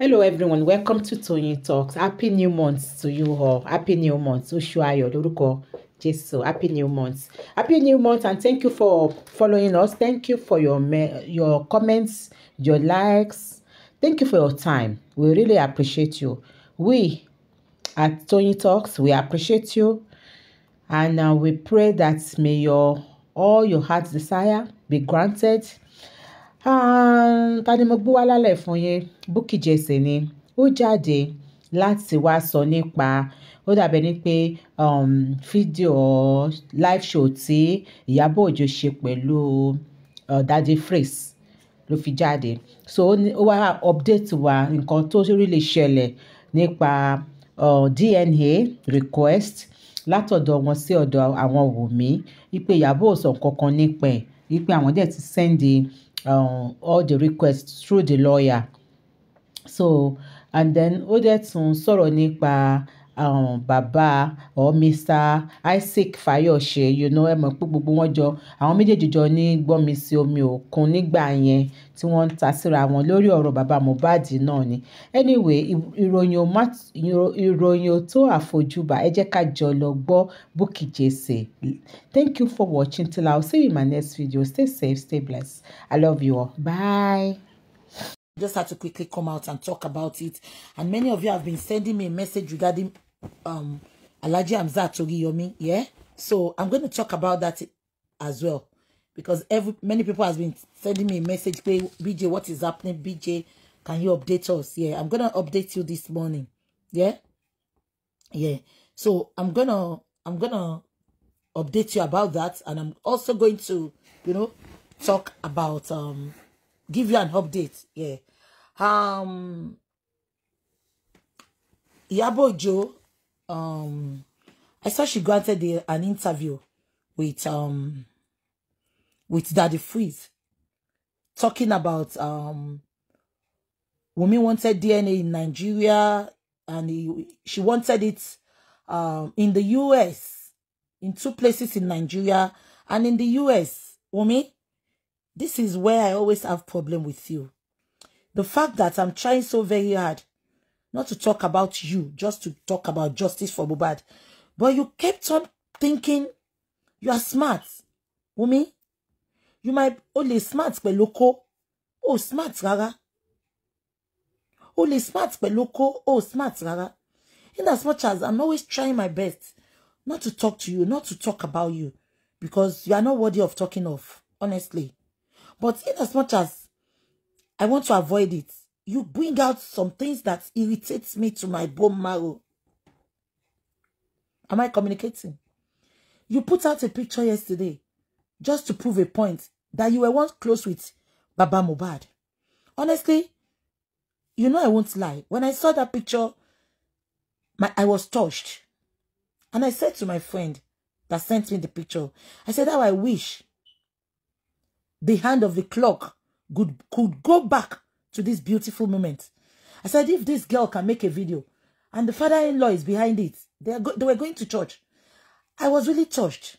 Hello everyone, welcome to Tony Talks. Happy new month to you all. Happy new month. Oṣù Ayọ̀ lórúkọ Jésù. Happy new month. Happy new month and thank you for following us. Thank you for your your comments, your likes. Thank you for your time. We really appreciate you. We at Tony Talks, we appreciate you. And uh, we pray that may your all your heart's desire be granted. Ah, ta ni mo gbé wá lálẹ́ fún yín Bukky Jesse ni ó jáde láti wá sọ nípa ó dàbẹ̀ ni pé um, fídíò live show tí Ìyábọ̀ Òjó ṣe pẹ̀lú uh, dadi Freeze ló fi jáde so ó wá update wa nǹkan tó rí lè ṣẹlẹ̀ nípa uh, DNA request látọ̀dọ̀ wọn sí ọ̀dọ̀ àwọn Wùmí wípé Ìyábọ̀ ò sọ nǹkan kan nípa ẹ̀ wípé àwọn dẹ̀ ti sẹ́ndì um, all the requests through the lawyer so and then ó dẹ̀ tún sọ̀rọ̀ nípa um, bàbá or Mr. Isaac Fayose you know ẹ mọ̀ pé gbogbo wọn jọ àwọn méjèèjì jọ ní gbọ́nmi sí omi òkun nígbà yẹn tí wọ́n ń ta síra wọn lórí ọ̀rọ̀ bàbá Mohbad náà ni anyway ìròyìn tó àfojúbà ẹ jẹ́ ká jọ lọ gbọ́ Bukky Jesse thank you for watching till i see you in my next video stay safe stay blessed i love you all bye. just had to quickly come out and talk about it. And many of you have been sending me a message regarding um, Alaji Hamzat Togiyomi. Yeah. So I'm going to talk about that as well because every many people has been sending me a message. Hey, BJ, what is happening? BJ, can you update us? Yeah, I'm gonna update you this morning. Yeah, yeah. So I'm gonna I'm gonna update you about that, and I'm also going to you know talk about um give you an update. Yeah. Um. Yabo Joe um I saw she granted an interview with um with Daddy Freeze talking about um Wumi wanted DNA in Nigeria and he, she wanted it um in the US in two places in Nigeria and in the US Wumi this is where I always have problem with you the fact that I'm trying so very hard not to talk about you, just to talk about justice for Bobad. But you kept on thinking you are smart, Wumi. You might only smart by loco, Oh, smart rárá. Only smart by loco, Oh, smart rárá. In as much as I'm always trying my best not to talk to you, not to talk about you, because you are not worthy of talking of, honestly. But in as much as I want to avoid it, you bring out some things that irritates me to my bone marrow. Am I communicating? You put out a picture yesterday just to prove a point that you were once close with Baba Mubad. Honestly, you know I won't lie. When I saw that picture, my, I was touched. And I said to my friend that sent me the picture, I said how I wish the hand of the clock could, could go back to this beautiful moment. I said, if this girl can make a video and the father-in-law is behind it, they, are they were going to church. I was really touched.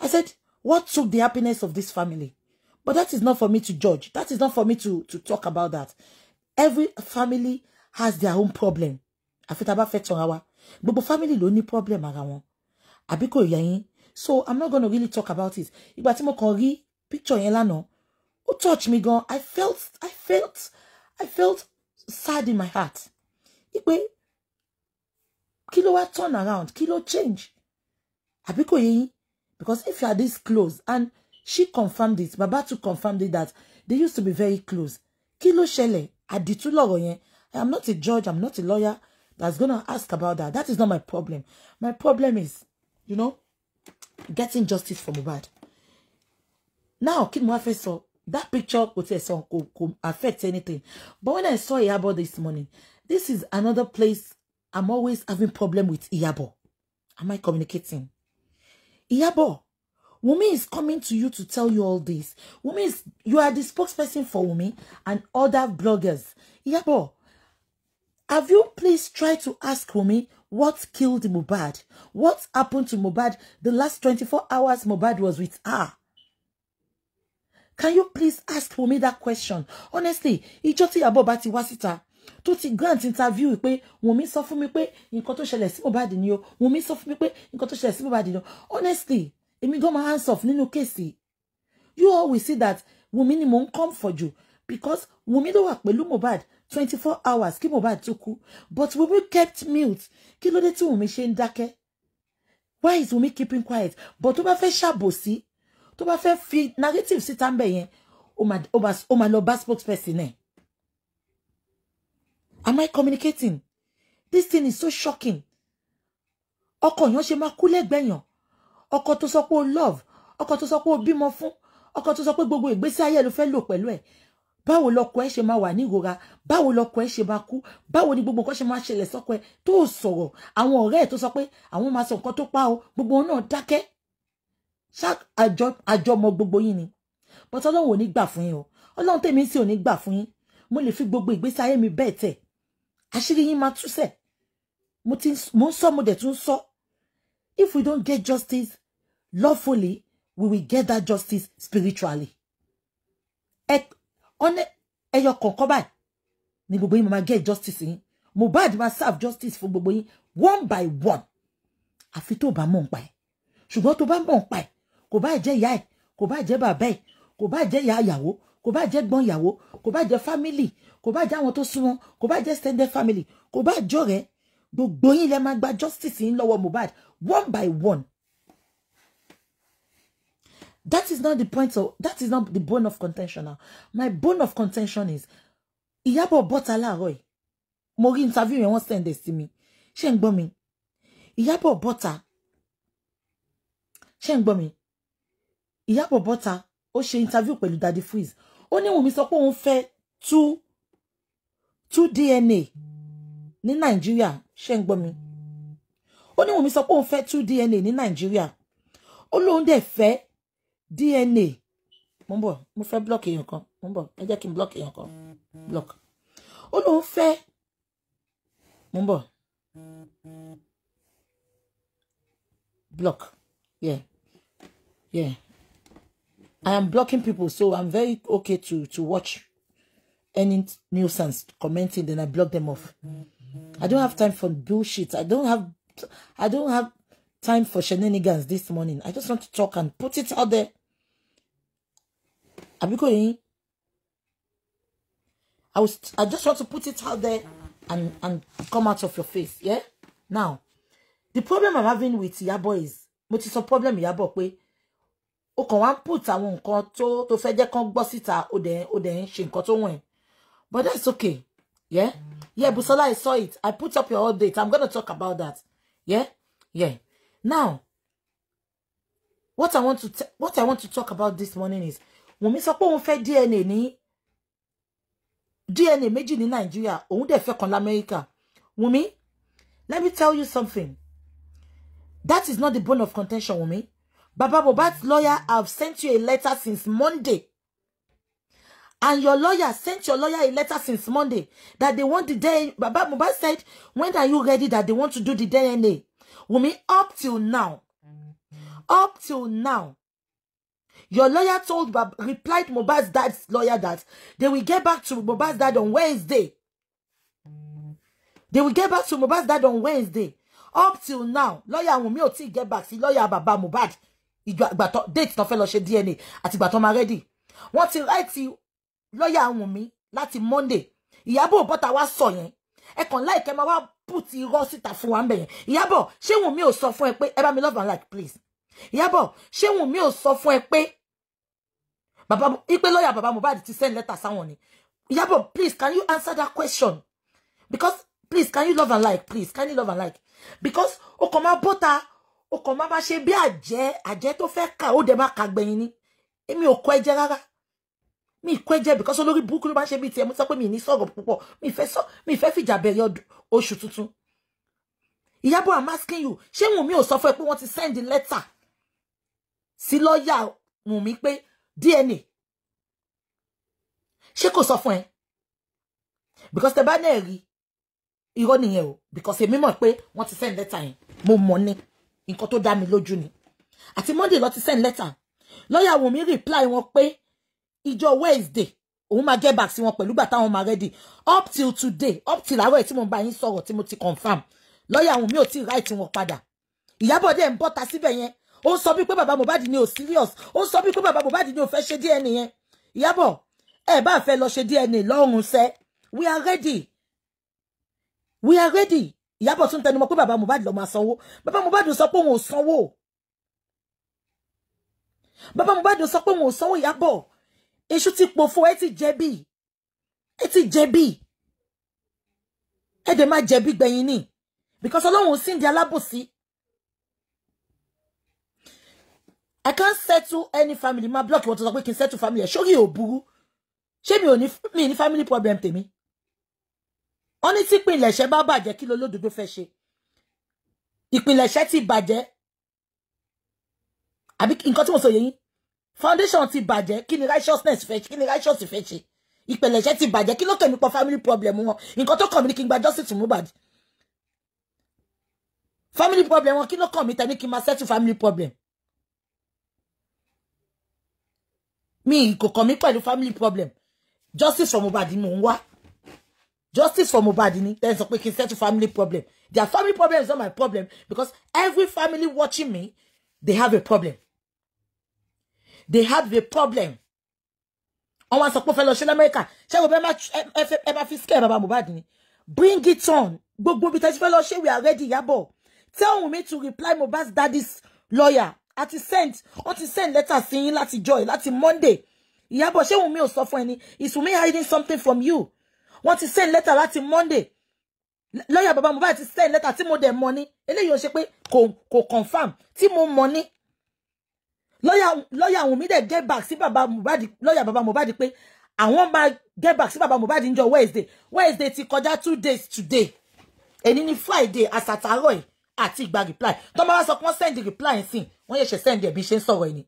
I said, what took the happiness of this family? But that is not for me to judge. That is not for me to, to talk about that. Every family has their own problem. Afitaba Fetongawa. Gbogbo family ló ní problem ara wọn. Àbí So I'm not going to really talk about it. Ìgbà tí mo kàn rí picture yẹn lánàá, touch me gan. I felt I felt I felt sad in my heart. Ipe kí ló turn around kilo change abiko kò because if you are this close and she confirmed it baba too confirmed it that they used to be very close kí ló ṣẹlẹ̀ àdìtú lọ̀rọ̀ yẹn I am not a judge I am not a lawyer that's gonna ask about that that is not my problem my problem is you know getting justice for Mohbad now kid, ni mo wá that picture could tiẹ̀ sọ kò kò affect anything but when I saw Iyabo this morning this is another place I'm always having problem with Iyabo am I communicating Iyabo Wumi is coming to you to tell you all this Wumi is you are the spokesperson for Wumi and other bloggers Iyabo have you please tried to ask Wumi what killed Mohbad what happened to Mohbad the last 24 hours Mohbad was with her can you please ask for me that question honestly ìjọ tí Ìyábọ̀ bá ti wá síta tó ti grant interview pé Wùnmí sọ fún mi pé nǹkan tó ṣẹlẹ̀ sí Mohbad ni o Wùnmí sọ fún mi pé nǹkan tó ṣẹlẹ̀ sí Mohbad ni honestly èmi gan máa hands off nínú kéèsì you always see that Wùnmí ni mò come for you because Wùnmí ló wà pẹ̀lú Mohbad twenty four hours ki Mohbad tó kú but Wùnmí kept mute Ki lo de ti Wùnmí ṣe ń why is Wùnmí keeping quiet but tó fe fẹ́ si tó bá fẹ́ fi narrative síta ń bẹ̀ yẹn ó máa lọ bá spokesperson ẹ̀ am I communicating this thing is so shocking ọkọ yẹn ṣe ma kú lẹ́gbẹ̀yàn ọkọ tó sọ pé o love ọkọ tó sọ pé o bímọ fún ọkọ tó sọ pé gbogbo ìgbésí ayé ẹ ló fẹ́ lò pẹ̀lú ẹ̀ báwo lọkọ ẹ ṣe máa wà ní ìrora báwo lọkọ ẹ ṣe máa kú báwo ni gbogbo nǹkan ṣe máa ṣẹlẹ̀ sọ́kọ ẹ tó sọ̀rọ̀ àwọn ọ̀rẹ́ ẹ tó sọ pé àwọn máa sọ nǹkan tó pa o gbogbo wọn náà àjọ àjọmọ gbogbo yín ni but ọlọ́run ò ní gbà fún yín o ọlọ́run tèmi sì ò ní gbà fún yín mo lè fi gbogbo ìgbésí ayé mi bẹ́ẹ̀ tẹ̀ àṣírí yín máa túsẹ̀ mo ti mo ń sọ mo dẹ̀ tún sọ if we don't get justice lawfully we will get that justice spiritually ẹ ọ̀nẹ́ ẹyọ kọ̀ọ̀kan báyìí ni gbogbo yín mo máa get justice yín Mohbad máa serve justice fún gbogbo yín one by one àfi tó bá mọ̀ ń pa ẹ̀ ṣùgbọ́n tó bá mọ̀ ń pa ẹ̀ kò bá jẹ́ ìyá ẹ̀ kò bá jẹ́ bàbá ẹ̀ kò bá jẹ́ ìyá ìyàwó kò bá jẹ́ gbọ́n ìyàwó kò bá jẹ́ family kò bá jẹ́ àwọn tó súnmọ́ kò bá jẹ́ extended family kò bá jọ̀rẹ́ gbogbo yín lẹ máa gba justice yín lọ́wọ́ Mohbad one by one that is not the point of that is not the bone of contention now my bone of contention is Ìyábọ̀ bọ́ta láàárọ̀ yìí mo rí interview yẹn wọ́n send ẹ̀ sí mi ṣé ń gbọ́ mi Ìyábọ̀ bọ́ta ṣé ń gbọ́ mi Ìyábọ̀ bọ́ta ó ṣe interview pẹ̀lú Daddy Freeze ó ní Wùmí sọ pé òun fẹ́ two two DNA ní Nàìjíríà ṣé ń gbọ́ mi ó ní Wùmí sọ pé òun fẹ́ two DNA ní Nàìjíríà ó lóun dẹ̀ fẹ́ DNA mo ń bọ̀ mo fẹ́ block èèyàn kan mo ń bọ̀ ẹ jẹ́ kí n block èèyàn kan block ó lóun fẹ́ mo ń bọ̀ block yeah yeah. I am blocking people, so I'm very okay to to watch any nuisance commenting, then I block them off. I don't have time for bullshit. I don't have I don't have time for shenanigans this morning. I just want to talk and put it out there. Are we going? I was I just want to put it out there and and come out of your face, yeah? Now, the problem I'm having with your boys, mo is sọ problem Yabo boy? o kàn wá ń put àwọn nǹkan tó tó fẹ́ jẹ́ kán gbọ́ síta o dẹ̀ o dẹ̀ ń ṣe nǹkan tó but that's okay yeah yeah Busola I saw it I put up your update I'm gonna talk about that yeah yeah now what I want to what I want to talk about this morning is Wùnmí sọ pé òun fẹ́ DNA ní DNA méjì ní Nàìjíríà òun dẹ̀ fẹ́ kan l'Amẹ́ríkà Wùnmí let me tell you something that is not the bone of contention Wùnmí. Baba Bobat's lawyer have sent you a letter since Monday. And your lawyer sent your lawyer a letter since Monday that they want the DNA. Baba Bobat said, when are you ready that they want to do the DNA? Wumi, up till now, up till now, your lawyer told, replied Mobat's dad's lawyer that they will get back to Mobat's dad on Wednesday. They will get back to Mobat's dad on Wednesday. Up till now, lawyer Wumi ò tíì get back sí lawyer Baba Mohbad ìjọ àgbà date tó fẹ́ lọ ṣe DNA àti ìgbà tó máa rẹ́dì wọ́n ti ráìtì lọ́ọ̀yà Wùnmí láti Monday Ìyábọ̀ bọ́ta wá sọ yẹn ẹ kàn láìkẹ́ máa wá put irọ́ síta fún wa ń bẹ̀ yẹn Ìyábọ̀ ṣé Wùnmí ò sọ fún ẹ pé ẹ bá mi love and like please Ìyábọ̀ ṣé Wùnmí ò sọ fún ẹ pé bàbá ipe lọ́ọ̀yà bàbá Mohbad ti send letter sáwọn ni Ìyábọ̀ please can you answer that question because please can you love and like please can you love and like because o kàn máa bọ́ta ó kàn máa máa ṣe bí àjẹ́ àjẹ́ tó fẹ́ kà ó dẹ̀ máa kà gbẹ̀yìn ni èmi ò kọ ẹ̀jẹ̀ rárá mi kọ ẹ̀jẹ̀ because olórí burúkú ló máa ń ṣe bí tiẹ̀ mo sọ pé mi ní sọ̀rọ̀ púpọ̀ mi fẹ́ sọ mi fẹ́ fìjà bẹ̀rẹ̀ oṣù tuntun Ìyábọ̀ I'm asking you ṣé Wùnmí mi o fún ẹ pé wọ́n ti send letter sí mu mi pé DNA ṣé kò sọ fún ẹ because tẹ bá náà rí irọ́ nìyẹn o because èmi mọ̀ pé wọ́n ti send letter yẹn mo mọ̀ ni nǹkan tó dá mi lójú ni àti Monday ló ti send letter lọ́ọ̀yà Wùnmí reply wọn pé ìjọ Wednesday òun máa get back sí wọn pẹ̀lú gbà táwọn máa ready up till today up till àárọ̀ ẹ̀ tí mo bá yín sọ̀rọ̀ tí mo ti confirm lawyer Wùnmí ò tí ì right wọn padà Ìyábọ̀ dẹ̀ ń bọ́ta síbẹ̀ yẹn ó sọ bí pé bàbá Mohbad ni ò serious ó sọ bí pé bàbá Mohbad ni ò fẹ́ ṣe DNA yẹn Ìyábọ̀ ẹ bá fẹ́ lọ ṣe DNA lọ́rùn sẹ́ we are ready we are ready Ìyábọ̀ tún tẹnumọ́ pé bàbá Mohbad ló máa sanwó bàbá Mohbad sọ pé òun ò sanwó bàbá Mohbad sọ pé òun ò sanwó Ìyábọ̀ èṣù ti pòfo ẹ ti jẹ̀bi ẹ ti jẹ̀bi ẹ dẹ̀ máa jẹ̀bi gbẹ̀yìn ni because ọlọ́run sì ń di alábòsí I can't settle any family ma block ìwọ́n tó sọ pé kí n settle family ẹ̀ sórí ò burú ṣé mi ò ní family problem tèmi wọ́n ní tí ìpilẹ̀ṣẹ̀ bá bàjẹ́ kí lolódodo fẹ́ ṣe ìpilẹ̀ṣẹ̀ ti bàjẹ́ àbí nǹkan tí mo sọ yẹ yín foundation ti bàjẹ́ kí ni righteousness fẹ́ ṣe kí ni righteous fẹ́ ṣe ìpilẹ̀ṣẹ̀ ti bàjẹ́ kí ló kẹ́ pọ̀ family problem wọn nǹkan tó kàn mí ní kí n gba justice Mohbad family problem wọn kí ló kàn mí tẹ́ kí n máa settle family problem mi kò kàn mí pẹ̀lú family problem justice for Mohbad mò ń wá justice for Mohbad ni then sọ pé kí settle family problem their family problem is not my problem because every family watching me they have a problem they have a problem àwọn sọ pé fẹ́ lọ ṣe lamẹ́ríkà ṣẹ́gun bẹ́ẹ̀ ẹ máa fi scare bàbá Mohbad ni bring it on gbogbo ibi tẹ́sí fẹ́ lọ ṣe we are ready Ìyábọ̀ tell me to reply Mohbad's daddy's lawyer àti sent wọ́n send letter sí yín joy láti Monday Ìyábọ̀ ṣé Wùnmí ò sọ fún ẹni is Wùnmí hiding something from you wọ́n ti send letter láti Monday Lawyer, Baba bàbá Mohbad ti send letter tí mo dẹ̀ money. ní eléyìí ó ṣe pé kò kò confirm tí mo money. Lawyer, lawyer, lọ́yà àwọn mi dẹ̀ get back sí bàbá Mohbad lọ́yà bàbá Mohbad pé àwọn máa get back sí bàbá Mohbad níjọ́ Wednesday Wednesday ti kọjá two days today èní ní Friday àsàtàrọ̀ yìí àti ìgbà reply tọ́mọ́ wá sọ pé wọ́n send reply sí wọ́n yẹ̀ ṣe send ẹ̀ bí ṣe ń sọ̀rọ̀ ni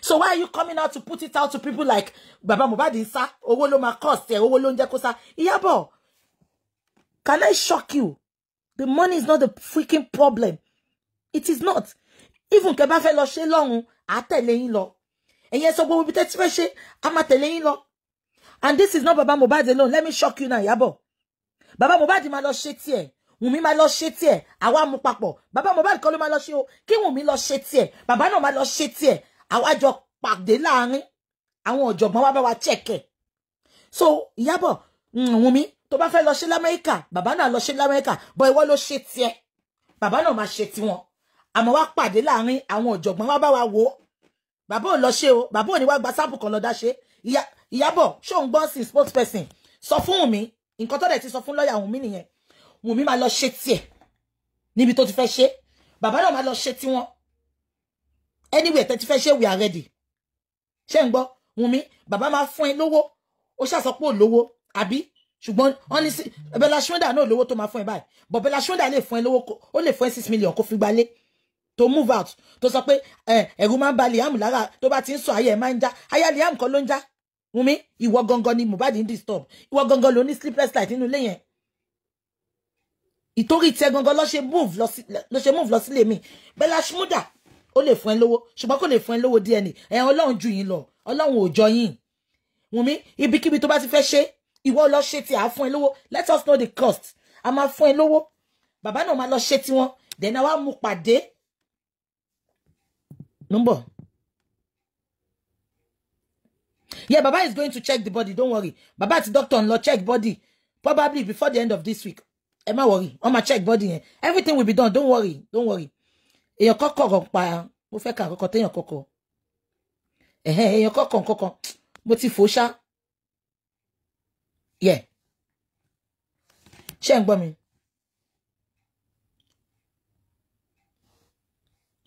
So why are you coming out to put it out to people like Baba Mubadi ń Owo owó ló máa cost ẹ, owó ló ń jẹ́ kó Iyabo, can I shock you? The money is not the freaking problem. It is not. Even kẹ́ bá fẹ́ lọ ṣe lọ́hùn, à tẹ̀lé yín lọ. Ẹ̀yin sọ gbogbo bí tẹ́ ti fẹ́ ṣe, a máa tẹ̀lé yín lọ. And this is not Baba Mubadi alone. Let me shock you now, Iyabo. Baba Mohbad máa lọ ṣe tiẹ̀. Wùnmí máa lọ ṣe tiẹ̀. Àwa mú papọ̀. Baba Mubadi kọ́ ló máa lọ ṣe o. Kí Wùnmí lọ ṣe tiẹ̀. Baba náà máa lọ ṣe tiẹ̀ àwa jọ pàdé láàrin àwọn ọ̀jọ̀gbọ́n wa bá wa chẹ̀kẹ̀ so Ìyábọ̀ mm, Wùnmí tó bá fẹ́ lọ ṣe l'Amẹ́ríkà bàbá náà lọ ṣe l'Amẹ́ríkà bọ́ ìwọ ló ṣe tiẹ̀ bàbá náà máa ṣe tiwọn àmọ́ wá pàdé láàrin àwọn ọ̀jọ̀gbọ́n wa bá wa wò ó bàbá ò lọ ṣe o bàbá ò ní wá gba sáàpù kan lọ dá ṣe Ìyábọ̀ ṣó ń gbọ́n sí spokesperson sọ fún Wùnmí nǹkan tó dẹ̀ ti sọ fún lọ́ọ̀yà Wùnmí nìyẹn Wùnmí máa lọ ṣe tiẹ̀ níbi tó ti fẹ́ ṣe bàbá náà máa lọ ṣe tiwọn anyway tẹ́ ti fẹ́ ṣe we are ready ṣé ń gbọ́ Wùnmí bàbá máa fún ẹ lówó ó ṣàṣọ pé ò lówó àbí ṣùgbọ́n wọ́n ní sí náà lówó tó máa fún ẹ báyìí but Bella Shmurda lè fún ẹ lówó ó lè fún ẹ six million kó fi gbalé tó move out tó sọ pé ẹ̀rù máa ń ba Liam lára tó bá ti ń sọ ayé ẹ̀ máa ń já aya Liam kọ́ ló ń já Wùnmí ìwọ gangan ni Mohbad ń disturb ìwọ gangan ló ní sleepless night nínú ilé yẹn ìtorí tiẹ̀ gangan ló ṣe move lọ sílé mi Bella Shmurda ó lè fún ẹ lówó ṣùgbọ́n kò lè fún ẹ lówó díẹ̀ ni ẹ ọlọ́run ju yín lọ ọlọ́run ò jọ yín wùmí ibikíbi tó bá ti fẹ́ ṣe ìwọ lọ ṣe tí a fún ẹ lówó let us know the cost a máa fún ẹ lówó bàbá náà máa lọ ṣe tiwọn dẹ̀nà wa mú pàdé number yeah baba is going to check the body don't worry baba àti doctor ń lọ check body probably before the end of this week ẹ má worry wọ́n máa check body yẹn everything will be done don't worry don't worry èèyàn kọ́kọ̀ pa mo fẹ́ ka àkọ́kọ́ téèyàn kọ́kọ́ ẹ̀hẹ́ èèyàn kọ́kọ̀ kọ́kọ́ mo ti fò ṣá yẹ ṣé ń gbọ́ mi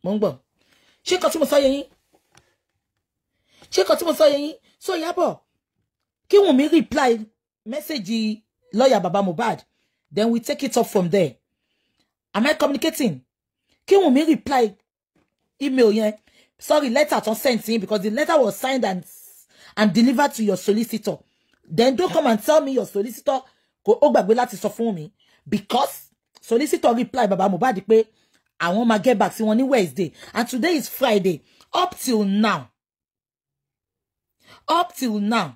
mo ń gbọ́ ṣé kan tí mo sọ yẹ yín ṣé kan tí mo sọ yẹ yín so Ìyábọ̀ kí Wùnmí reply mẹ́sẹ̀gì lọ́ọ̀yà Baba Mohbad then we take it up from there am I communicating? kí Wùnmí reply email yẹn sorry letter tó send to him because the letter was signed and and delivered to your solicitor then don't come and tell me your solicitor kò ó gbàgbé láti sọ fún mi because solicitor reply baba Mohbad pé àwọn máa get back sí wọn ní Wednesday and today is Friday up till now up till now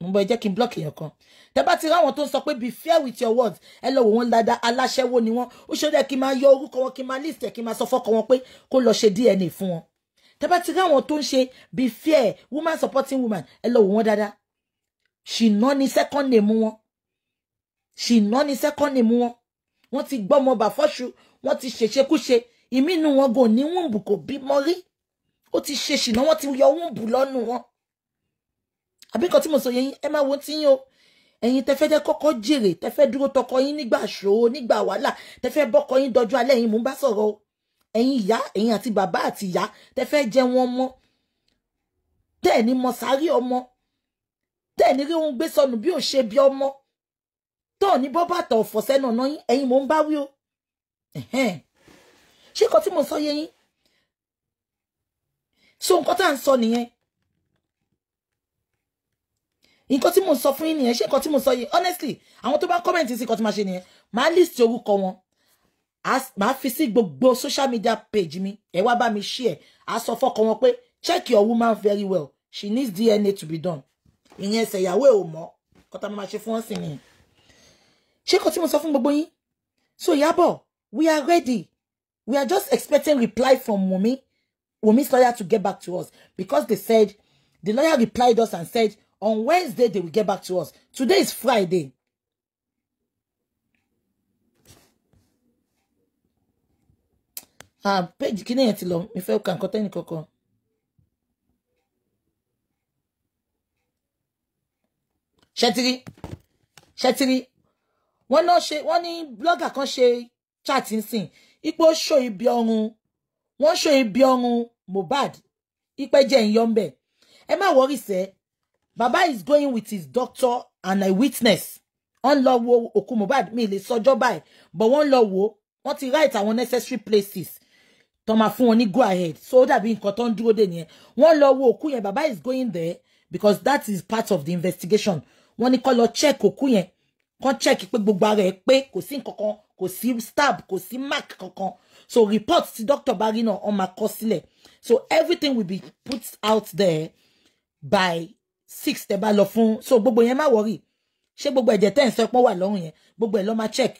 mo bọ ẹ jẹ́ kí n block èèyàn kan tẹ bá ti ráwọn tó ń sọ pé be fair with your words ẹ lọ wò wọn dáadáa aláṣẹwó ni wọn ó ṣe dẹ kí n máa yọ orúkọ wọn kí n máa list ẹ kí n máa sọ fọkọ wọn pé kó lọ ṣe DNA fún wọn tẹ bá ti ráwọn tó ń ṣe be fair woman supporting woman ẹ lọ wò wọn dáadáa ṣìnà ni second name wọn ṣìnà ni second name wọn wọn ti gbọ́ ọmọ bàfọ́ṣu wọn ti ṣèṣekúṣe ìmínú wọn gò ní wúǹbù kò bímọ rí ó ti ṣe ṣìnà wọn ti yọ wúǹbù lọ́nu wọn àbí nǹkan tí mo sọ yẹn ẹ máa wo tí yín o ẹ̀yin tẹ́fẹ́ jẹ́ kọ́kọ́ jèrè tẹ́fẹ́ dúró tọkọ yín nígbà ṣòro nígbà wàhálà tẹ́fẹ́ bọ́kọ yín dọjú alẹ́ yín mú bá sọ̀rọ̀ o ẹ̀yin ìyá ẹ̀yin àti bàbá àti ìyá tẹ́fẹ́ jẹ wọn mọ́ tẹ́ẹ̀ ní mọ sáré ọmọ tẹ́ẹ̀ ní rí ohun gbé sọnù bí ò ṣe bí ọmọ tọ́ọ̀ ní bọ́ bàtà ọ̀fọ̀ sẹ́nu ọ̀nà yín ẹ̀yin mò ń bá wí o ṣé nǹkan tí mo sọ yé yín so nǹkan tá à ń sọ nìyẹn nǹkan tí mò ń sọ fún yín nìyẹn ṣé nǹkan tí mò ń sọ yìí honestly àwọn tó bá ń comment sí nǹkan tí màá ṣe nìyẹn màá list orúkọ wọn màá fi sí gbogbo social media page mi ẹ wá bá mi share á sọ fọkọ wọn pé check your woman very well she needs DNA to be done ìyẹn ẹsẹ̀ ìyàwó ẹ̀ ò mọ́ kọ́tà máa ṣe fún wọn sí nìyẹn ṣé nǹkan tí mo sọ fún gbogbo yín so Ìyábọ̀ we are ready we are just expecting reply from Wunmi Wunmi's lawyer to get back to us because they said the lawyer replied us and said On Wednesday, they will get back to us. Today is Friday. Ah, page kine yẹn ti lọ. kan kote ni koko. tẹ́ni kankan. One Ṣẹ́tìrí. she, one in blogger ní blọ́gà kan ṣe chaati nsìn. Ipò ṣó ibi ọrùn. Wọ́n ṣó ibi ọrùn Mohbad. Ipẹ́ jẹ́ ìyọ́ ń bẹ̀. Ẹ má Baba is going with his doctor and a witness wọ́n lọ wo òkú Mohbad mi lè sọjọ́ báyìí but wọ́n lọ wo wọ́n ti write àwọn necessary places tó máa fún wọn ní go ahead so ó dàbí nǹkan tó ń dúró dè nìyẹn wọ́n lọ wo òkú yẹn bàbá is going there because that is part of the investigation wọ́n ní kó lọ check òkú yẹn kó check pé gbogbo ara ẹ̀ pé kò sí nǹkan kò sí stab kò sí mark kankan so report tí doctor bá rí náà wọ́n máa so everything will be put out there by six tẹ́ bá lọ fún so gbogbo yẹn má wọrí ṣé gbogbo ẹ̀jẹ̀ tẹ́ ń sọ pọ́n wà lọ́rùn yẹn gbogbo ẹ̀ lọ́ máa check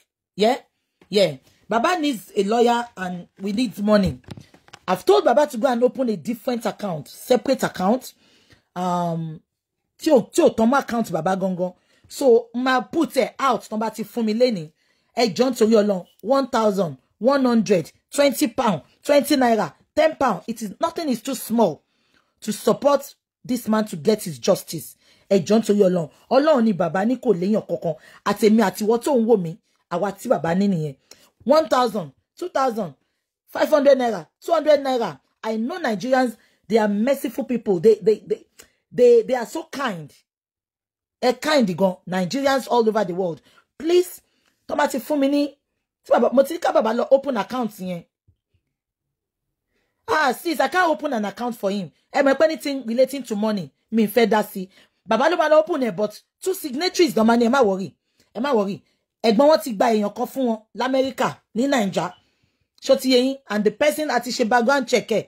yeah yeah baba needs a lawyer and we need money I've told baba to go and open a different account separate account um, tí ò tí ò tán mọ́ account baba gangan so ma put ẹ̀ out tán bá ti fún mi lẹ́nìí ẹjọ́ nítorí ọlọ́run one thousand one hundred twenty pound twenty naira ten pound it is nothing is too small to support this man to get his justice ẹjọ́ nítorí ọlọ́run ọlọ́run ni bàbá ní kò léèyàn kankan àtèmi àtiwọ́ tó ń wò mí àwa tí bàbá ní nìyẹn one thousand two thousand five hundred naira two hundred naira I know Nigerians they are merciful people they they they they, they are so kind ẹ kind gan Nigerians all over the world please tọ́ba ti fún mi ní tí bàbá mo ti ká bàbá lọ open account yẹn ah sis i can't open an account for him ẹ mọ̀ anything relating to money Me fed that see. Baba ló máa lọ open it, but two signatories gan máa ní ẹ má wọrí ẹ má wọrí ẹ̀gbọ́n wọn ti gba èèyàn kan fún wọn lamẹ́ríkà ní nàìjà ṣó ti yé and the person at ṣe background check ẹ̀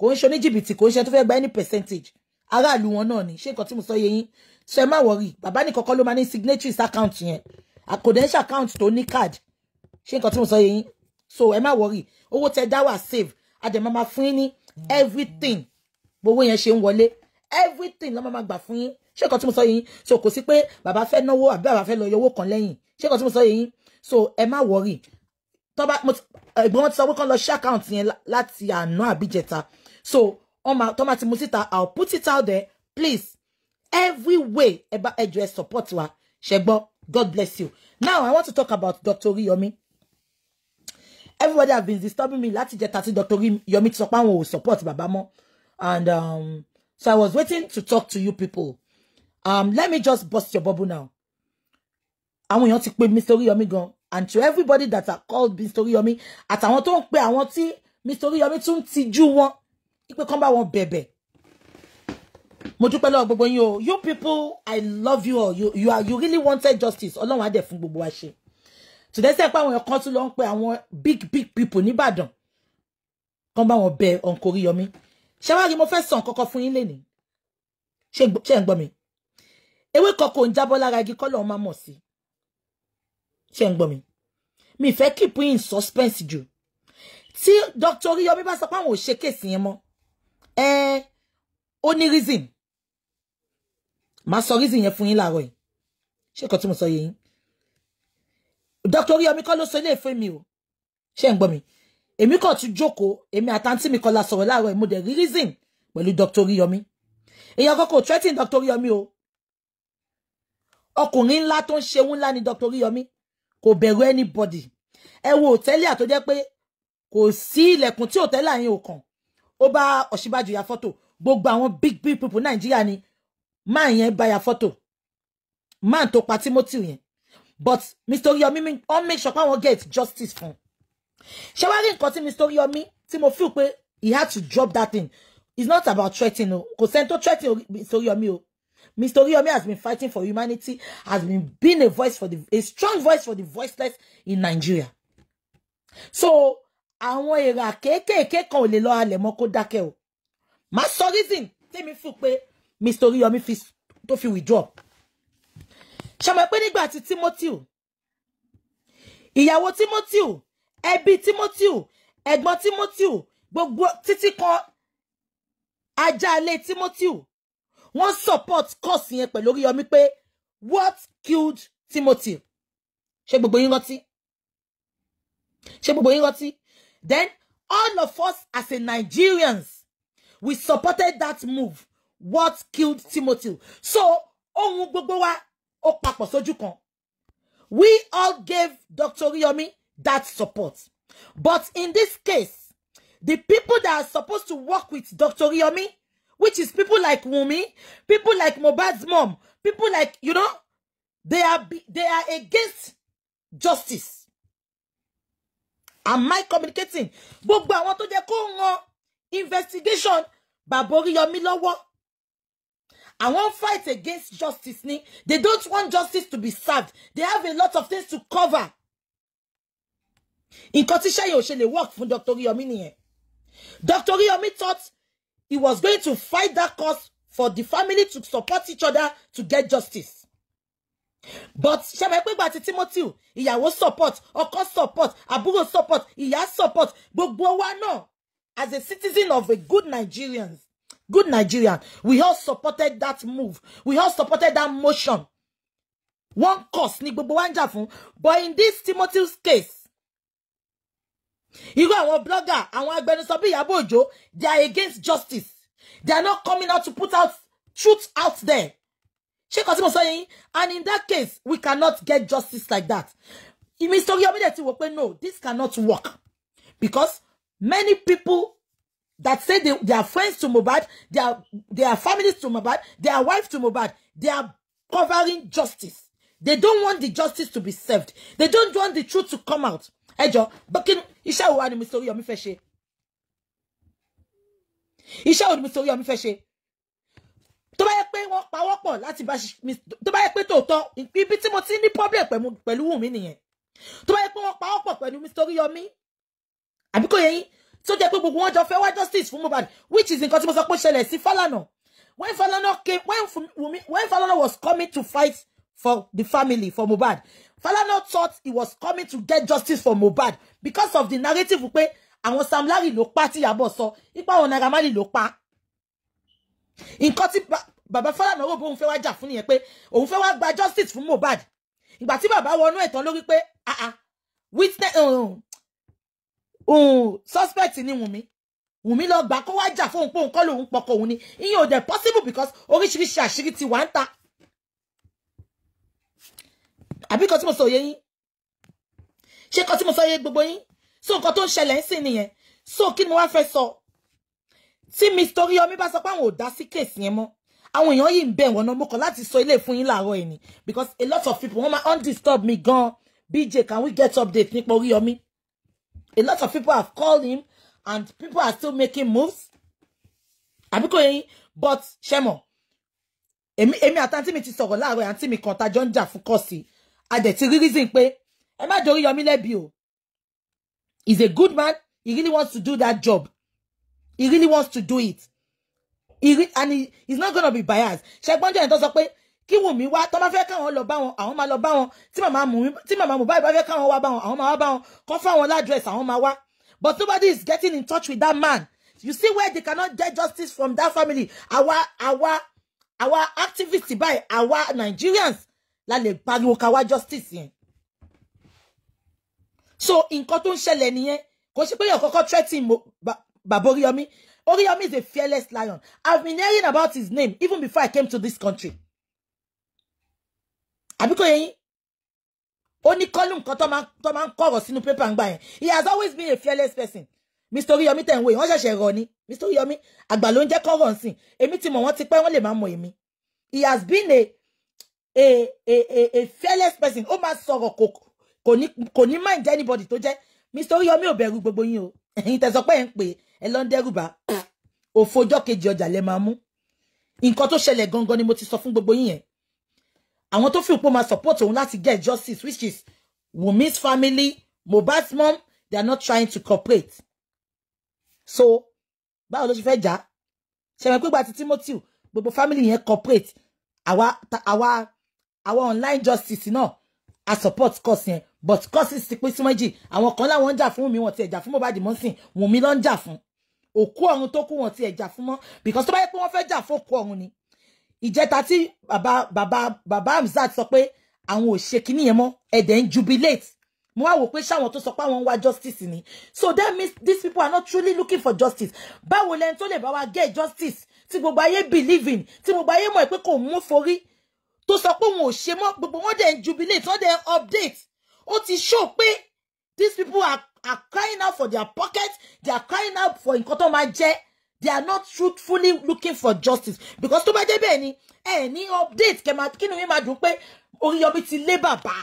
kò ń ṣe oníjìbìtì kò ń to tó gba any percentage aráàlú wọn náà ni ṣé nǹkan tí mo So yé yín so ẹ má wọrí bàbá ní kọ́kọ́ ló máa ní signatories account yẹn àkòdẹ́ńṣà account tó ní card ṣé nǹkan tí mo sọ yé yín so am I worry? Owo te da wa save àdèmọ́ máa fún yín ní everything gbowó yẹn ṣe ń wọlé everything ló máa gbà fún yín ṣé nǹkan tí mo sọ yín so kò sí pé bàbá fẹ́ náwó àbí bàbá fẹ́ lọ yọwó kan lẹ́yìn ṣé nǹkan tí mo sọ yín so ẹ má wọ̀rì tọ́ba ẹ̀gbọ́n wọn ti sọ pé kán lọ ṣí àkáǹtì yẹn láti àná àbíjẹta so tọ́ba ti mú síta i will put it out there please every way ẹ bá ẹjọ ẹ support wa ṣẹgbọ́ god bless you now i want to talk about dr oriyomi everybody have been disturbing me láti jẹ́ tàti Dr. Yomi ti sọ pé àwọn support bàbá mọ́ and um, so I was waiting to talk to you people um, let me just bust your bubble now àwọn èèyàn ti pè Mr. Yomi gan and to everybody that are called Mr. Oriyomi àtàwọn tó ń pe àwọn tí Mr. Oriyomi tún ti jú wọn ipe kan bá wọn bẹ̀bẹ̀ mo dúpẹ́ lọ́wọ́ gbogbo yín o you people I love you all you you, are, you really wanted justice ọlọ́run á dẹ̀ fun, gbogbo wa ṣe to de se pé àwọn kan tún lọ ń pe àwọn big big people ní Ìbàdàn kan bá wọn bẹ onko Oríyọmí ṣé wá rí mo fẹ́ sọ kokon fún yín leni ṣé ṣé ń gbọ́ mi ewé kokon ń jábọ́ lára igi ko lo ma mọ̀ sí ṣé ń gbọ́ mi mi fẹ́ keep in suspense jù tí Dr. Oríyọmí bá sọ pé àwọn ò ṣe case yẹn mọ́ eh ó ní reason màá sọ reason yẹn fún yín láàárọ̀ yìí ṣé kan tí mo sọ yé yín dr oríyọmí kọ́ ló sọ ilé ìfẹ́ mi o ṣé ń gbọ́ mi èmi kàn tún jókòó èmi àtàntí mi kọ́ la sọ̀rọ̀ láàárọ̀ mo dẹ̀ rí reason pẹ̀lú dr oríyọmí èèyàn kọ́kọ́ threaten dr oríyọmí o ọkùnrin ńlá tó ń ṣeun ńlá ni dr oríyọmí kò bẹ̀rù anybody ẹ wo òtẹ́lẹ̀ àtó jẹ́ pé kò sí ilẹ̀kùn tí òtẹ́lẹ̀ àyìn ò kàn ó bá ọ̀ṣibàjò ya fọ́tò gbogbo àwọn big big people nàìjíríà ni máa yẹn bá ya fọ́tò máa tó pa timothy yẹn but Mr. Yomi, mi wọ́n make sure pé àwọn get justice fún ṣé wàá rí nǹkan tí Mr. Yomi? tí mo feel pé he had to drop that thing it's not about threatening o kò sẹ́ni tó threaten Mr. Yomi. o Mr. Yomi has been fighting for humanity, has been being a voice for the a strong voice for the voiceless in Nigeria. So àwọn èrà kéékèèké kan ò lè lọ alẹ̀ mọ́ kó dákẹ́ o. Má sọ reason tèmi fún pé Mr. Yomi, fi tó fi withdraw ṣọmọ pé nígbà tí Timothy ìyàwó Timothy ẹbí Timothy ẹ̀gbọ́n Timothy gbogbo títí kan ajáalé Timothy wọ́n support cause yẹn pẹ̀lú Oríyọmí pé what killed Timothy ṣé gbogbo yín rántí ṣé gbogbo yín rántí then all of us as a Nigerians we supported that move what killed Timothy so ohun gbogbo wa ó papọ̀ sójú kan we all gave Dr. Riyomi that support but in this case the people that are supposed to work with Dr. Riyomi which is people like Wumi, people like Mohbad's mom people like you know they are they are against justice am I communicating gbogbo àwọn tó jẹ́ kó ran investigation bàbá Oríyọmí lọ́wọ́ I won't fight against justice ni they don't want justice to be served they have a lot of things to cover In tí sẹ́yìn ò ṣe lè work fún Dr. Yomi nìyẹn Dr. Yomi thought he was going to fight that cause for the family to support each other to get justice but ṣẹ́mi pé gbà tí Timothy ìyàwó support ọkọ support àbúrò support He has support but wa náà as a citizen of a good Nigerians Good Nigerian. We all supported that move. We all supported that motion. One cause ni gbogbo wa ń But in this Timothy's case, irú àwọn blogger, àwọn agbẹnusọ bí Ìyábọ̀ Òjó, they are against justice. They are not coming out to put out truth out there. Check kò sí mo sọ And in that case, we cannot get justice like that. Mr. Yomide ti wò pé no, this cannot work. Because many people that say they, they are friends to Mohbad, they are, they are families to Mohbad, they are wife to Mohbad, they are covering justice. They don't want the justice to be served. They don't want the truth to come out. Ẹ jọ̀ọ́, Isha iṣẹ́ wo ni Mr. Oríyọ̀mí fẹ́ ṣe? Iṣẹ́ wo ni Mr. Oríyọ̀mí fẹ́ ṣe? Tó bá yẹ pé wọ́n pawọ́pọ̀ moti ni problem pẹ̀lú Wùmí nìyẹn. Tó bá yẹ pé wọ́n pawọ́pọ̀ pẹ̀lú Mr. Oríyọ̀mí àbí kò yẹ yín tó jẹ́ pé gbogbo wọn jọ fẹ́ wá justice fún Mohbad which is nǹkan tí mo sọ pé ṣẹlẹ̀ sí Falana when Falana came when Wunmi when Falana was coming to fight for the family for Mohbad Falana thought he was coming to get justice for Mohbad because of the narrative pé àwọn Sam Larry ló pa tí Ìyábọ̀ sọ ipa àwọn Naira Marley ló pa nǹkan tí bàbá Falana rò bóun fẹ́ wá jà fún nìyẹn pé òun fẹ́ wá gba justice fún Mohbad ìgbà tí bàbá wọnú ẹ̀tàn lórí pé ah ah witness um, òun suspect ni Wùnmí Wùnmí lọ gbà kó wá jà fóun pé òun kọ́ lòun pọkọ òun ni ìyẹn ò possible because oríṣiríṣi àṣírí ti wà ń ta àbí kan tí mo sọ yé yín ṣé kan tí mo sọ yé gbogbo yín so nǹkan tó ń ṣẹlẹ̀ ń sìn nìyẹn so kí ni mo wá fẹ́ sọ tí Mr. Oriyomi bá sọ pé àwọn ò dá sí kéèsì yẹn mọ́ àwọn èèyàn yìí ń bẹ̀ wọ́n náà mo kọ̀ láti sọ ilé fún yín láàárọ̀ ẹ̀ ni because a lot of people wọ́n máa undisturb me gan BJ can we get update nípa Oriyomi A lot of people have called him and people are still making moves. Àbíkò yẹn, but Shemo, Emi, emi atanti mi ti sọ̀rọ̀ láàárọ̀ àǹtí mi kan tájọ́ ń jà fún kọ́ọ̀sì. A dẹ̀ ti rí reason pé ẹ má dorí Yọmí o. He's a good man. He really wants to do that job. He really wants to do it. He re and he, he's not going to be biased. Ṣẹ́gbọ́njọ́ yẹn tó sọ pé kí Wùnmí wá tó bá fẹ́ káwọn lọ bá wọn àwọn máa lọ bá wọn tí màmá Wùnmí tí màmá Mohbad bá fẹ́ káwọn wá bá wọn àwọn máa wá bá wọn kọ́ fáwọn ládírẹ́sì àwọn máa wá but nobody is getting in touch with that man you see where they cannot get justice from that family Our our our activist by our Nigerians la lè pariwo ká wá justice yẹn so nǹkan tó ń ṣẹlẹ̀ nìyẹn kò sí pé yàn threatening bàbá Oríyọmí Oríyọmí is a fearless lion I've been hearing about his name even before I came to this country àbí kò yẹ yín ó ní kọ́lù nǹkan tó máa ń kọ̀rọ̀ sínú pépà ń gbà yẹn he has always been a fearless person mr oríyọmí tẹ̀ ń wò wọ́n ṣẹ̀ṣẹ̀ rọ̀ ni mr oríyọmí àgbà ló ń jẹ́ kọ́rọ̀ nsìn èmi ti mọ̀ wọ́n ti pẹ́ wọ́n lè máa mọ̀ èmi he has been a a a a, a fearless person ó máa sọ̀rọ̀ kò kò ní kò ní mind anybody tó jẹ́ mr oríyọmí ò bẹ̀rù gbogbo yín o ẹ̀yin tẹ̀sán pé ẹ̀ ń pè ẹ lọ́ ń dẹ́rùbà òfojọ́ kejì ọjà lẹ máa mú nǹkan tó ṣẹlẹ̀ gangan ni mo ti sọ fún gbogbo yín yẹn àwọn tó fìpó máa support òun láti get justice which is Wunmi's family Mohbad's mom they are not trying to cooperate so báwo ló ṣe fẹ́ jà ṣẹ̀mẹ̀ pé gba ti Timothy gbogbo family yẹn cooperate àwa àwa àwa online justice náà a support cause yẹn but causes ti pín sí méjì àwọn kan láwọn ń jà fún Wunmi wọn ti ẹ̀ jà fún Mohbad mọ́sìn Wunmi ló ń jà fún òkú ọ̀run tó kú wọn ti ẹ̀ fún mọ́ because tó bá yẹ pé wọ́n fẹ́ jà fún òkú ọ̀run ni ìjẹta tí bàbá bàbá bàbá Hamzat sọ pé àwọn ò ṣe kinní yẹn mọ́ ẹ̀dẹ̀ ń jubilate mo wá wò pé ṣáwọn tó sọ pé àwọn ń wá justice ni so that means these people are not truly looking for justice báwo lẹni tó lè bá wa get justice tí gbogbo ayé believe in tí gbogbo ayé mọ̀ pé kò mú forí tó sọ pé wọn ò ṣe mọ́ gbogbo wọn dẹ̀ ń jubilate wọn dẹ̀ ń update ó ti show pé these people are, are crying out for their pocket they are crying out for nǹkan tó máa jẹ they are not truthfully looking for justice because tó bá jẹ́ bẹ́ẹ̀ ni ẹ ní update kẹma kí ni mi máa dùn pé Oríyọmí ti lé bàbá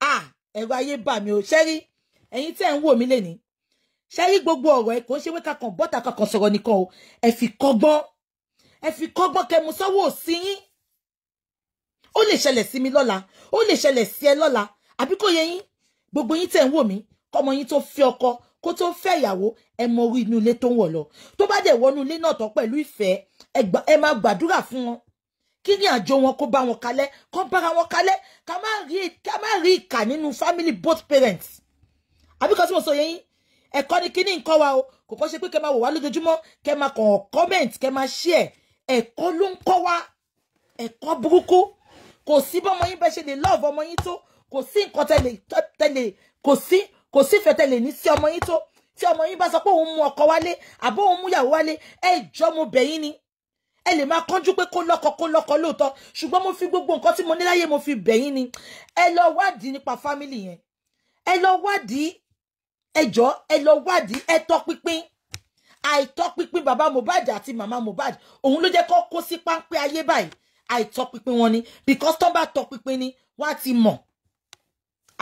ah ẹ̀rọ ayé bà mí o ṣẹ́rí ẹ̀yin tẹ́ ń wò mí lẹ́ni ṣẹ́rí gbogbo ọ̀rọ̀ ẹ̀ kò ń ṣe wé kankan bọ́tà kankan sọ̀rọ̀ nìkan o ẹ fi kọ́gbọ́n ẹ fi kọ́gbọ́n kẹmu sọ́wọ́ òsì yín ó lè ṣẹlẹ̀ sí mi lọ́la ó lè ṣẹlẹ̀ sí ẹ lọ́la àbí yẹ yín gbogbo yín tẹ̀ ń wò mí kọ́mọ yín tó fi ọkọ kó tó fẹ́ ìyàwó ẹ mọ orí inú ilé tó ń wọ̀ lọ tó bá dẹ̀ wọnú ilé náà tán pẹ̀lú ìfẹ́ ẹ máa gbàdúrà fún wọn kí ni àjọ wọn kó bá wọn kalẹ̀ kó bára wọn kalẹ̀ ká má rí ìkà nínú family both parents àbí kan tí mo sọ yẹn yín ẹ̀kọ́ ni kíní nǹkan wa o kò kọ́ ṣe pé kẹ́ máa wò wá lójoojúmọ́ kẹ́ máa kàn comment kẹ́ máa share ẹ̀kọ́ ló ń kọ́ wa ẹ̀kọ́ burúkú kò sí bọ́mọ yín bẹ́ẹ̀ ṣe lè love ọmọ yín tó kò sí nǹkan tẹ́lẹ̀ tẹ́lẹ̀ kò sí kò sífẹ̀ẹ́ tẹ̀lé ní sí ọmọ yín tó tí ọmọ yín bá sọ pé òun mú ọkọ wálé àbó òun mú ìyàwó wálé ẹ jọ mo bẹ̀ yín ni ẹ lè máa kánjú pé kó lọ́kọ kó lọ́kọ lóòótọ́ ṣùgbọ́n mo fi gbogbo nǹkan tí mo ní láyé mo fi bẹ̀ yín ni ẹ lọ wádìí nípa fámìlì yẹn ẹ lọ wádìí ẹ jọ ẹ lọ wádìí ẹ tọpinpin àìtọpinpin bàbá Mohbad àti màmá Mohbad òun ló jẹ́ kó kó sí páńpẹ́ ayé báyìí àìtọpinpin wọn ni because tó bá tọpinpin ni wọ́n á ti mọ̀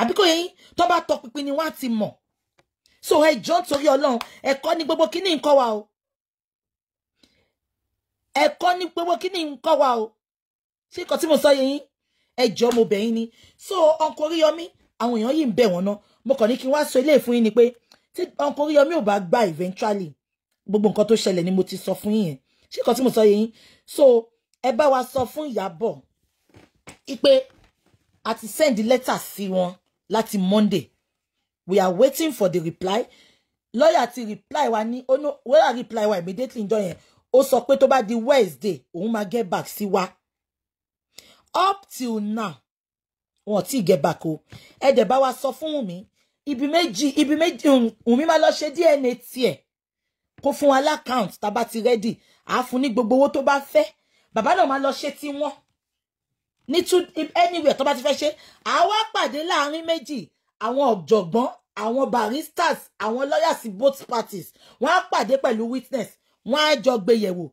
àbí kò yé yín tó bá tọ pinpin ni wọ́n á ti mọ̀ so ẹ jọ nítorí Ọlọ́run ẹ̀kọ́ ní gbogbo kíní nǹkan wa o ẹ̀kọ́ ní gbogbo kíní nǹkan wa o ṣé nǹkan tí mo sọ yé yín ẹ jọ mo bẹ̀ yín ni so ọkọ Oríyọmí àwọn èèyàn yìí ń bẹ̀ wọ́n ná mo kàn ní kí n wá sọ ilé ìfún yín ni pé tí ọkọ Oríyọmí ò bá gbà eventually gbogbo nǹkan tó ṣẹlẹ̀ ni mo ti sọ fún yín ṣé nǹkan tí mo sọ yé so ẹ bá wa sọ fún Ìyábọ̀ ipe àti send letter sí wọn láti Monday we are waiting for the reply lọ́yà ti reply wa ní ó oh no wẹ́rà reply wa immediately ǹjọ́ yẹn ó sọ pé tó bá di Wednesday òun máa get back sí wa up till now wọn ò tí ì get back o ẹ dẹ̀ bá wa sọ fún Wùnmí ibi méjì ibi méjì um, Wùnmí máa lọ ṣe DNA tiẹ̀ kó fún wa lákàùnt tá a bá ti rẹ́dì àá fún ní gbogbo owó tó bá fẹ́ bàbá náà máa lọ ṣe tiwọn ní two anywhere tó bá ti fẹ́ ṣe àwa pàdé láàrin méjì àwọn ọ̀jọ̀gbọ́n àwọn baristas àwọn lawyers both parties wọ́n á pàdé pẹ̀lú witness wọ́n á jọ gbé yẹ̀wò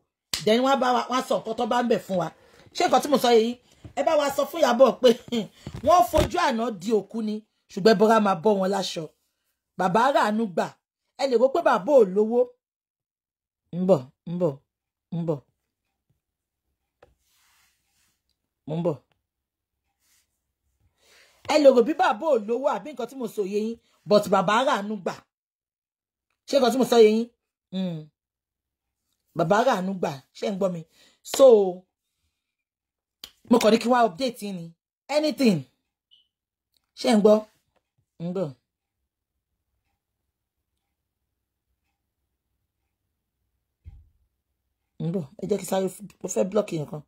then wọ́n á bá wa sọ nǹkan tó bá ń bẹ̀ fún wa ṣé nǹkan tí mo sọ yìí ẹ bá wa sọ fún Ìyábọ̀ pé wọ́n fojú àná di òkú ni ṣùgbọ́n ẹbọra máa bọ́ wọn láṣọ bàbá ràánú gbà ẹ lè rò pé bàbá ò lówó ń bọ̀ ń bọ̀ ń bọ̀ mo ń bọ̀ ẹ lè rò bí bàbá ò lówó àbí nǹkan tí mo sọ yé yín but bàbá ràánú gbà ṣé nǹkan tí mo sọ yé yín hmm. bàbá ràánú gbà ṣé ń gbọ́ mi so mo kàn ní kí wá update ni anything ṣé ń gbọ́ ń bọ̀. ń bọ̀ ẹ jẹ́ kí sáré mo fẹ́ blọ́ọ̀kì yẹn kan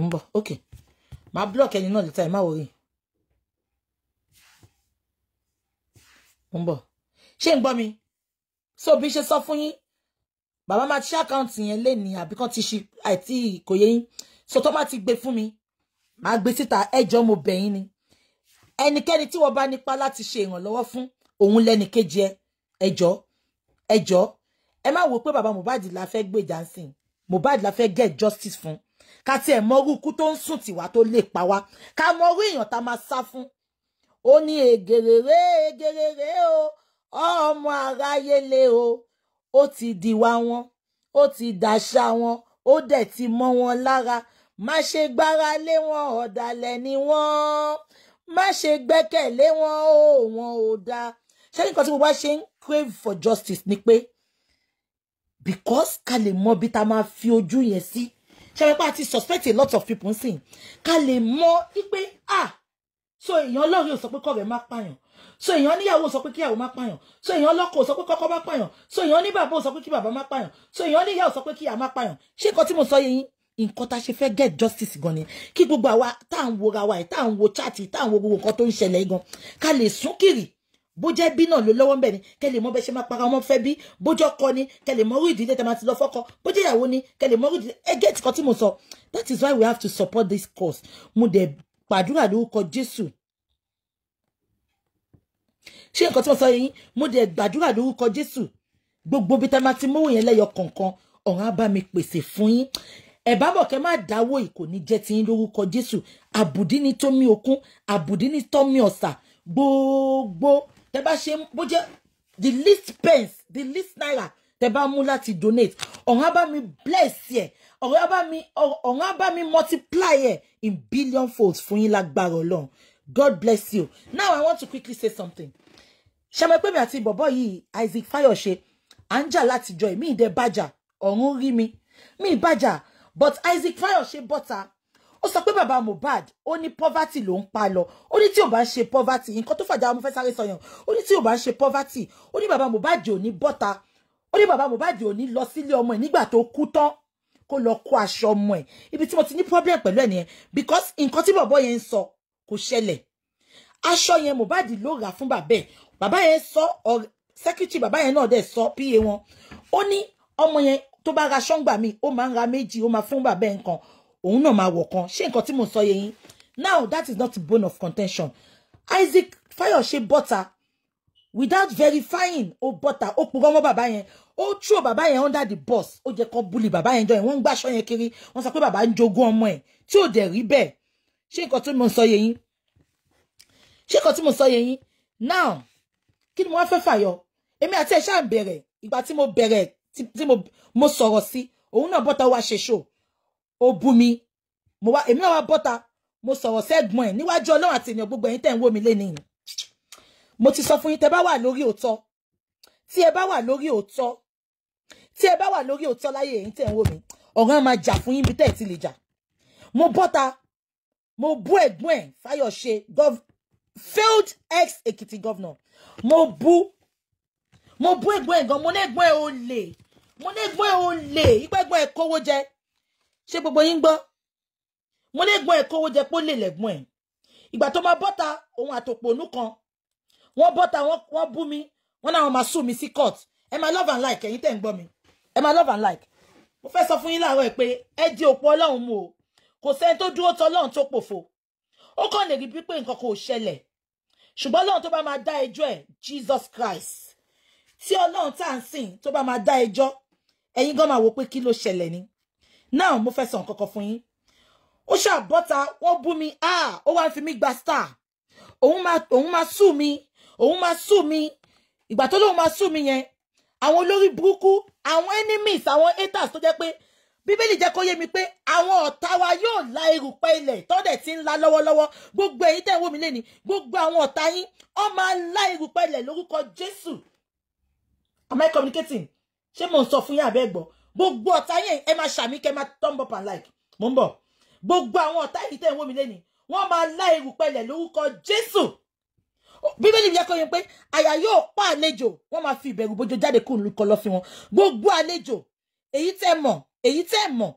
ń bọ̀ ok màá block ẹni náà létà ẹ má wòrí ń bọ̀ ṣé ń gbọ́ mi so bí ṣe sọ fún yín bàbá máa ti ṣe àkáǹtì yẹn lénìí àbí kan ti ṣe àìtí kò yé yín so tó bá ti gbé fún mi màá gbé síta ẹjọ́ mo bẹ̀ yín ni ẹnikẹ́ni tí wọ́n bá nípa láti ṣe ìrànlọ́wọ́ fún òun lẹ́ni kejì ẹ ẹjọ́ ẹjọ́ ẹ má wò pé bàbá Mohbad la fẹ́ gbèjà ń Mohbad la fẹ́ get justice fún ká tiẹ̀ mọrú ikú tó ń sùn tìwá tó lè pa wá ká mọrú èèyàn tá máa sá fún ó ní ègèrèrè ègèrèrè o ọmọ aráyé o ó ti diwa wọn ó ti dàṣà wọn ó dẹ̀ ti mọ́ wọn lára má ṣe gbára lé wọn ọ̀dàlẹ̀ ni wọ́n má ṣe gbẹ́kẹ̀lé wọn ó wọn ò dáa ṣé nǹkan tí mo bá ṣe ń crave for justice ni pé because ká lè mọ bí tá a máa fi ojú yẹn sí. Si ṣẹ́yẹ́pá ti suspect a lot of people ń sìn ká lè mọ wípé ah so èèyàn lọ́rùn ò sọ pé kọ̀rẹ́ má pààyàn so èèyàn níyàwó sọ pé kíyàwó má pààyàn so èèyàn lọ́kọ ò sọ pé kọ́kọ́ má pààyàn so èèyàn ní bàbá ò sọ pé kí bàbá má pààyàn so èèyàn níyàwó sọ pé kíyà má pààyàn ṣé nǹkan tí mo sọ yẹn nǹkan tá a ṣe fẹ́ get justice gan ni kí gbogbo àwa tá à ń wo ra wa ẹ̀ tá à ń wo chat tá ń wo gbogbo nǹkan tó ń ṣẹlẹ̀ gan ká lè sún kiri bó jẹ́ bí náà ló lọ́wọ́ ńbẹ̀ ni kẹ́ lè mọ bẹ́ ṣe máa para ọmọ fẹ́ bí bójọ́ kọ ni kẹ́ lè mọ orí ìdílé tẹ́ máa ti lọ fọ́kọ bó jẹ́ ìyàwó ni kẹ́ lè mọ orí ìdílé ẹ gẹ́tì kan tí mo sọ that is why we have to support this course. mo dẹ̀ pàdúrà lórúkọ Jésù ṣé nǹkan tí mo sọ yẹn mo dẹ̀ gbàdúrà lórúkọ Jésù gbogbo bí tẹ́lẹ̀ ti mówó yẹn lẹ́yọ kọ̀ọ̀kan ọ̀run á bá mi pèsè fún yín ẹ̀bá bọ̀ kẹ́ má dáwó ìkò ní jẹ́ tiyín lórúkọ Jésù àbùdí ni tó mi òkun àbùdí ni tó mi ọ̀sà gbogbo tẹ bá ṣe bó jẹ́ the least pence the least naira tẹ bá mú láti donate ọ̀run á mi bless yẹ ọ̀run á mi ọ̀run á bá mi multiply yẹ in billion folds fún yín lágbára ọlọ́run God bless you now I want to quickly say something ṣàmẹ́pẹ́mi àti bọ̀bọ́ yìí Isaac Fayose à ń jà látijọ́ ẹ̀ mí ìdẹ́ bàjà ọ̀run rí mi mí ìbàjà but Isaac Fayose bọ́ta ó sọ pé bàbá Mohbad ó ní poverty ló ń pa lọ ó ní tí ò bá ń ṣe poverty nǹkan tó fàjà mo fẹ́ sáré sọyàn ó ní tí ò bá ń ṣe poverty ó ní bàbá Mohbad ò ní bọ́ta ó ní bàbá Mohbad ò ní lọ sílé ọmọ ẹ̀ nígbà tó kú tán kó lọ kó aṣọ ọmọ ẹ̀ ibi tí mo ti ní problem pẹ̀lú ẹ̀ nìyẹn because nǹkan tí bọ̀bọ̀ yẹn ń sọ kò ṣẹlẹ̀ aṣọ yẹn Mohbad ló rà fún bàbá ẹ̀ bàbá yẹn sọ secretary bàbá yẹn náà dẹ̀ sọ pa wọn ó ní ọmọ yẹn tó bá ra ṣọ́ngbà mi ó máa ń ra méjì ó máa fún bàbá ẹ̀ nǹkan òun náà máa wọ̀ kan ṣé nǹkan tí mò ń sọ yẹ yín now that is not a bone of contention Isaac Fayose butter without verifying ó butter ó purọ́ mọ́ bàbá yẹn ó tú bàbá yẹn under the bus ó jẹ́ kó bully bàbá yẹn jọ yẹn wọ́n ń gbàṣọ yẹn kiri wọ́n sọ pé bàbá ń jogún ọmọ ẹ̀ tí ò dẹ̀ rí bẹ́ẹ̀ ṣé nǹkan tí mò ń sọ yẹ yín ṣé nǹkan tí mò ń sọ yẹ yín now kí ni wọ́n fẹ́ fàyọ èmi àti ẹ̀ ṣáà bẹ̀rẹ̀ ìgbà tí mo bẹ̀rẹ̀ tí mo sọ̀rọ̀ sí òun náà bọ́tà wá ṣe ṣòó ó bú mi mo wa èmi náà wá bọ́ta mo sọ̀rọ̀ sẹ́gbọ̀n ẹ̀ níwájú ọlọ́run ati èèyàn gbogbo ẹ̀yin tẹ̀ ń wò mí mo ti sọ fún yín tẹ bá wà lórí òótọ́ tí ẹ bá wà lórí òótọ́ tí ẹ bá wà lórí òótọ́ láyé ẹ̀yin tẹ̀ ń wò mí ọ̀ràn máa jà fún yín bí ti lè jà mo bọ́ta mo bú ẹ̀gbọ́n ẹ̀ gov failed ex ekiti governor mo bu, mo bu ẹ̀gbọ́n ẹ̀ gan mo ní ẹ̀gbọ́n ẹ̀ olè mo ní ẹ̀gbọ́n ẹ̀ olè ìpẹ́gbọ́n ẹ̀ kówó jẹ́ ṣé gbogbo yín gbọ́ mo lè gbọ́n ẹ̀ kówó jẹ pé ó lè lẹ́gbọ́n ẹ̀ ìgbà tó máa bọ́ta òun àtòpònú kan wọ́n bọ́ta wọ́n bú mi wọ́n náà máa sùn mi sí court ẹ máa love and like ẹ̀yin tẹ̀ ń gbọ́ mi ẹ máa love and like mo fẹ́ sọ fún yín láàárọ̀ ẹ̀ pé ẹ di òpó ọlọ́run mu o kò sẹ́ni tó dúró tọ́ ọlọ́run tó pòfo ó kàn lè rí bí pé nǹkan kò ṣẹlẹ̀ ṣùgbọ́n ọlọ́run tó bá máa dá ẹjọ́ ẹ̀ Jesus Christ tí ọlọ́run tá à ń sìn tó bá máa dá ẹjọ́ ẹ̀yin gan máa wò pé kí ló ṣẹlẹ̀ ni now mo fẹ́ sọ nǹkan kan fún yín ó ṣáà bọ́ta wọ́n bú mi ah ó wá ń fi mí gba star òun máa òun máa sù mí òun máa sù mí ìgbà tó lóun máa sù mí yẹn àwọn olórí burúkú àwọn enemies àwọn haters tó jẹ́ pé bíbélì jẹ́ kó yé mi pé àwọn ọ̀tá wa yóò la erùpẹ̀ ilẹ̀ tọ́dẹ̀ tí ń la lọ́wọ́lọ́wọ́ gbogbo ẹ̀yin tẹ̀ ń wò mí lẹ́ni gbogbo àwọn ọ̀tá yín wọ́n máa la erùpẹ̀ ilẹ̀ lórúkọ Jésù am I communicating ṣé mo ń sọ fún yín àbẹ́ gbọ́ gbogbo ọ̀tá yẹn ẹ máa ṣàmì kẹ máa thumb up and like mo ń bọ̀ gbogbo àwọn ọ̀tá yìí tẹ̀ ń wò mí lẹ́ni wọ́n máa lá ewu pẹ̀lẹ́ lórúkọ Jésù bíbélì yẹ kó yẹ pé àyà yóò pa àlejò wọ́n máa fi ìbẹ̀rù bójó jáde kó olùkọ lọ fi wọn gbogbo àlejò èyí tẹ́ mọ̀ èyí tẹ́ mọ̀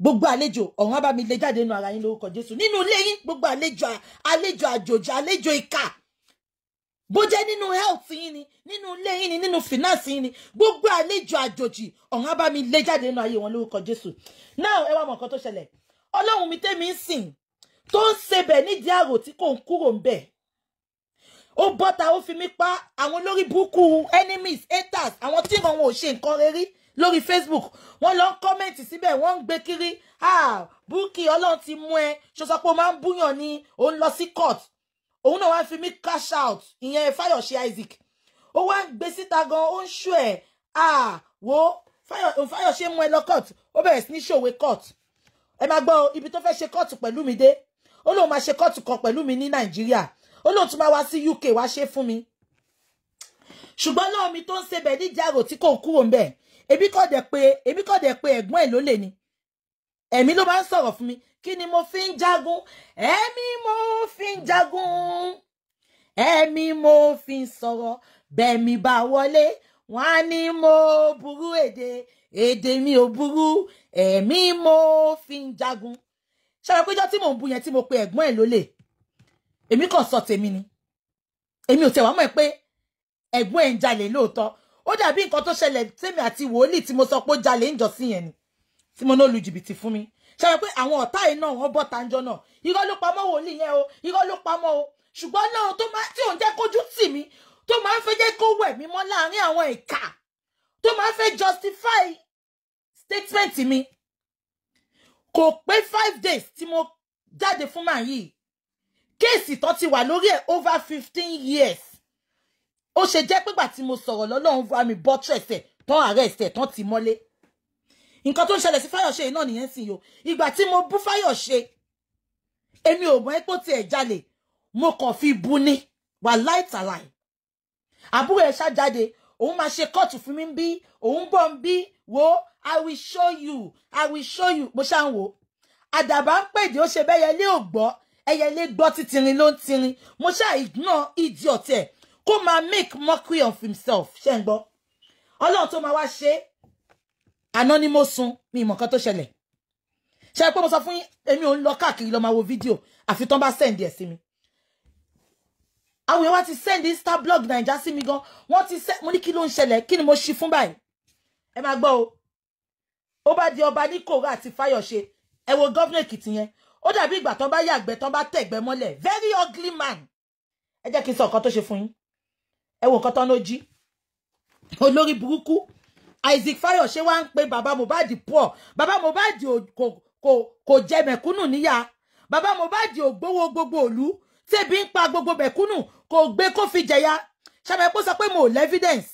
gbogbo àlejò ọ̀run abámi lè jáde nínú ara yín lórúkọ Jésù nínú ilé yín gbogbo àlejò àlejò àjòjì àlejò ìkà bó jẹ́ nínú health yín ni nínú ilé yín ni nínú finance yín ni gbogbo àlejò àjòjì ọ̀hún á bá mi lé jáde nínú ayé wọn lórúkọ Jésù náà ẹ wá mọ̀ nǹkan tó ṣẹlẹ̀ ọlọ́run mi tẹ́mi ń sìn tó ń sebẹ̀ nídìí àrò tí kò ń kúrò ń bẹ̀ ó bọ́ta ó fi mí pa àwọn lórí búkú enemies haters àwọn tí wọn ò ṣe nǹkan rere lórí Facebook wọ́n lọ ń kọ́mẹ̀ntì síbẹ̀ wọ́n ń gbé kiri ah Bukky ọlọ́run ti mú ẹ ṣọṣọ máa ń búyàn ni ò lọ sí court òun náà wá fi mí cash out ìyẹn Fáyọ̀ṣe Isaac ó wá ń gbé síta gan ó ń ṣó ẹ̀ wo Fáyọ̀ṣe mú ẹ lọ court ó bẹ̀rẹ̀ sí ní ṣòwe court ẹ máa gbọ́ ibi tó fẹ́ ṣe court pẹ̀lú mi dé ó lóun máa ṣe court kan pẹ̀lú mi ní Nàìjíríà ó lóun tún máa wá sí UK wá ṣe fún mi ṣùgbọ́n náà mi tó ń ṣe bẹ̀ níjàrò tí kò kúrò ń bẹ̀ èmi kò dẹ̀ pé ẹ̀gbọ́n ẹ̀ ló lè ni ẹ̀mí ló bá ń sọ̀rọ̀ fún mi kí ni mo fi ń jagun ẹ̀mí mo fi ń jagun ẹ̀mí mo fi ń sọ̀rọ̀ mi bá wọlé wọ́n á ní mo burú èdè èdè mi ò burú ẹ̀mí mo fi ń jagun ṣàlàyé péjọ tí mò ń bu yẹn tí mo pe ẹ̀gbọ́n ẹ̀ lólè èmi kàn sọ tèmi ni èmi ò tẹ̀ wá mọ̀ pé ẹ̀gbọ́n ẹ̀ ń jalè lóòótọ́ ó dàbí nǹkan tó ṣẹlẹ̀ tèmi àti wòlíì tí mo sọ pé ó jalè ń jọ sí yẹn ni tí mo náà lu jìbìtì fún mi ṣe pé àwọn ọ̀tá yìí náà wọ́n bọ̀ tàǹjọ́ náà irọ́ ló pamọ́ wòlíì yẹn o irọ́ ló pamọ́ o ṣùgbọ́n náà tó máa tí òun jẹ́ kójú tì mí tó máa ń fẹ́ jẹ́ kó wẹ̀ mí mọ́ láàrin àwọn ìka tó máa ń fẹ́ justify statement mi kò pé five days tí mo jáde fún màá yìí kéèsì tó ti wà lórí ẹ̀ over fifteen years ó ṣe jẹ́ pé gbà tí mo sọ̀rọ̀ lọ́lọ́run bá mi bọ́ tẹ̀sẹ̀ tán arrest ẹ̀ tán ti mọ́lé nǹkan tó ń ṣẹlẹ̀ sí Fáyọ̀ṣe náà nìyẹn sì yo ìgbà tí mo bú Fáyọ̀ṣe èmi ò mọ̀ epo tiẹ̀ jalè mo kàn fi bu ni wà láìtàláì àbúrò ẹ̀ ṣájáde òun máa ṣe kóòtù fún mi bí òun bọ̀ ń bí wo I will show you I will show you mo ṣáà ń wò àdàbà ń pèdè ó ṣe bẹ́ẹ̀ yẹlé ò gbọ́ ẹyẹlé gbọ́ títírin ló ń tirin mo ṣáà ignore idiot ẹ̀ kó máa make mockery of himself ṣe ń gbọ́ ọlọ́run tó máa wá ṣe é Anonymous, sun mi ìmọ̀ kan tó ṣẹlẹ̀ ṣe pé mo sọ fún èmi ò ń lọ káàkiri lọ máa wo fídíò àfi tán bá send ẹ̀ sí mi àwọn èèyàn ti send insta blog naija sí mi gan wọ́n ti send mo ní kí ló ń ṣẹlẹ̀ kí ni mo ṣi fún báyìí ẹ máa gbọ́ o ó bá di ọba ní kòró àti fáyọ̀ṣe ẹ wo gọ́vnà èkìtì yẹn ó dàbí ìgbà tán bá yàgbẹ́ tán bá tẹ̀gbẹ́ mọ́lẹ̀ very ugly man ẹ jẹ́ kí n sọ nǹkan tó ṣe fún yín wo nǹkan tán ló jí olórí Isaac Fayose wá ń pe Baba Mohbad poor bàbá Mohbad kò kò kò jẹ mẹ̀kúnnù níyà bàbá Mohbad ò gbowó gbogbo òlu tẹbi ń pa gbogbo mẹ̀kúnnù kò gbé kó fi jẹya ṣàbẹ̀pọ̀ sọ pé mo ò lẹ́fídẹ̀nsì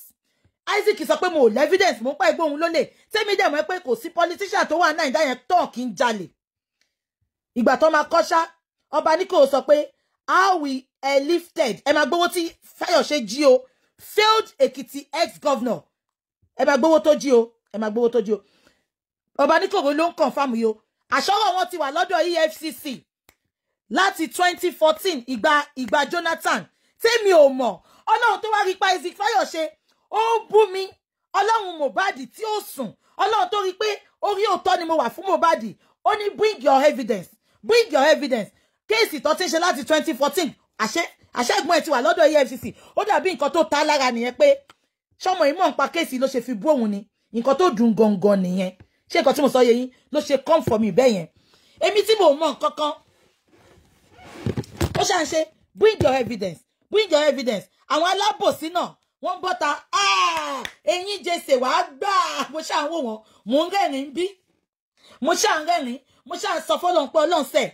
Isaac sọ pé mo ò lẹ́fídẹ̀nsì mo ń pa ìgbóhun lólè tẹ́mi dẹ̀ mọ́ pé kò sí politician tó wà náírà yẹn tọ̀ kí n jalè ìgbà tó máa kọ́ṣá ọba ní kò sọ pé how we are lifted ẹ máa gbowó tí Fayose jí o failed Ekiti ex-governor ẹ máa gbowó tó jí o ẹ máa gbowó tó jí o ọba níkòrò ló ń confam yìí o àṣọwọ́ wọn ti wà lọ́dọ̀ EFCC láti 2014 ìgbà ìgbà Jonathan tèmi ò mọ̀ ọlọ́run tó wá rí pa Isaac Fayose ó ń bú mi ọlọ́run Mohbad tí ó sùn ọlọ́run tó rí pé orí òótọ́ ni mo wà fún Mohbad ó ní bring your evidence bring your evidence kéèsì tó ti ń ṣe láti 2014 àṣẹ àṣẹ ẹ̀gbọ́n ẹ̀ ti wà lọ́dọ̀ EFCC ó dàbí nǹkan tó ta lára nìyẹn pé ṣọmọ yìí mọ̀ nípa kéèsì ló ṣe fi bú òun ni nǹkan tó dùn gangan nìyẹn ṣé nǹkan tí mo sọ yẹ yín ló ṣe come for me bẹ́ẹ̀ yẹn èmi tí mo mọ̀ kankan ó ṣàn ṣe bring your evidence bring your evidence àwọn alábòsí náà wọ́n ń bọ́ta ẹ̀yìn ah! jẹsẹ̀ wàá gbà mo ṣàn wò wọ́n mò ń rẹ́rìn bí mo ṣàn rẹ́rìn mo ṣàn sọ fọlọ́n pé ọlọ́run sẹ̀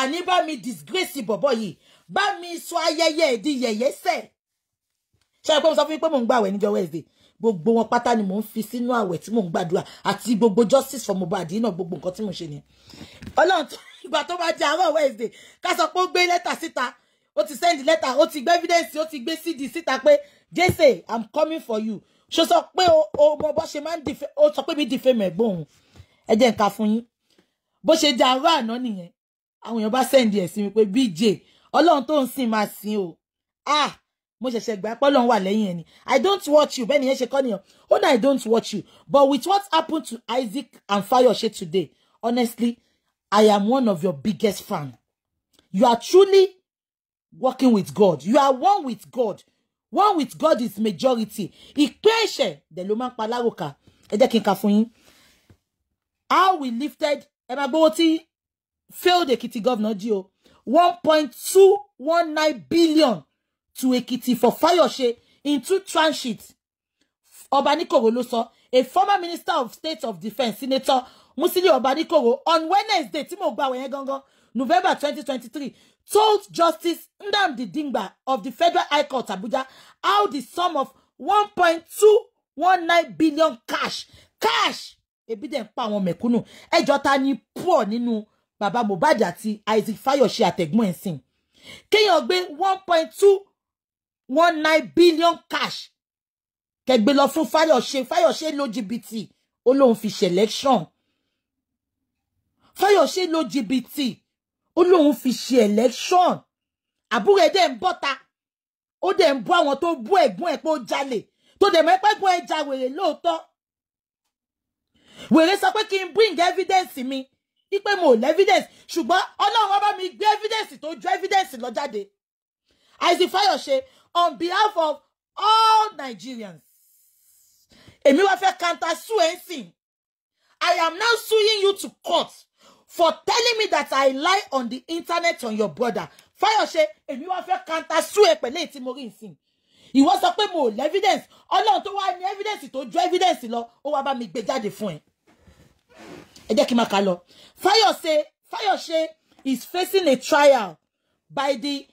àní bá mi disgrace bọ̀bọ̀ yìí bá mi sọ ayẹyẹ ìdí yẹ̀yẹ́ sẹ̀ ṣé ẹ pé mo sọ fún yín pé mò ń gbàwẹ̀ níjọ́ Wednesday gbogbo wọn pátá ni mò ń fi sínú àwẹ̀ tí mò ń gbàdúrà àti gbogbo justice for Mohbad yìí náà gbogbo nǹkan tí mò ń ṣe nìyẹn Ọlọ́run tó ìgbà tó bá jẹ àárọ̀ Wednesday ká sọ pé ó gbé lẹ́tà síta ó ti send letter ó ti gbé evidence ó ti gbé cd síta pé jese i'm coming for you ṣó sọ pé o mọ bó ṣe máa ń dìfẹ́ ó sọ pé mi dìfẹ́ mẹ́gbọ́n òun ẹ jẹ́ nǹkan fún yín bó ṣe jẹ àárọ̀ àná nìyẹn àwọn èèyàn bá send ẹ̀ sí mi pé bj ọlọ́run tó ń sìn máa sìn o ah mo ṣẹ̀ṣẹ̀ gbà pé Ọlọ́run wà lẹ́yìn ẹni i don't watch you bẹ́ẹ̀ nìyẹn ṣe kọ́ nìyẹn ó náà i don't watch you but with what happened to Isaac and Fayose today honestly i am one of your biggest fan you are truly working with God you are one with God one with God is majority ìpín ẹ̀ṣẹ̀ dẹ̀ ló máa ń pa láròkà ẹ jẹ́ kí n kà fún yín how we lifted ẹ máa gbowó tí failed Ekiti governor jí o one point two one nine billion to Ekiti for Fayose in two tranches. Obanikoro ló sọ, a former minister of state of defence, Senator Musili Obanikoro, on Wednesday, Timo mo gbà wọ̀nyẹn gangan, November 2023, told Justice Ndamdi Dingba of the Federal High Court Abuja how the sum of 1.219 billion cash cash a dẹ̀ ń pa mekunu mẹ̀kúnnù ẹjọ́ ta ni poor nínú baba Mohbad àti Isaac Fayose àtẹ̀gbọ́n ẹ̀ sìn kéèyàn gbé one point two one nine billion cash kẹgbẹ́ lọ fún Fáyọ̀ṣe Fáyọ̀ṣe lo jìbìtì ó lóun fi ṣẹlẹ́ṣọ̀n Fáyọ̀ṣe lo jìbìtì ó lóun fi ṣe ẹlẹ́ṣọ̀n àbúrò ẹ̀ dẹ̀ ń bọ́ta ó dẹ̀ ń bọ́ àwọn tó bú ẹ̀gbọ́n ẹ̀ pé ó jalè tó dẹ̀ mọ́ ẹgbẹ́gbọ́n ẹ̀ ja wèrè lóòótọ́ wèrè sọ pé kí n bring evidence mi ipe mo lè evidence ṣùgbọ́n ọlọ́run ọba mi gbé evidence tó ju evidence lọ jáde àìsí Fáyọ̀ṣe on behalf of all Nigerians. Èmi wá fẹ́ counter sue anything, I am now suing you to court for telling me that I lie on the internet on your brother. Fayose, èmi wá fẹ́ counter sue ẹ̀ pẹ̀lú ètí mo rí ìsìn. Ìwọ sọ pé mo evidence. Ọlọ́run tó wá ní evidence tó jo evidence lọ, o wá bá mi gbé jáde fún ẹ. Ẹ jẹ́ kí n máa kà lọ. Fayose, Fayose is facing a trial by the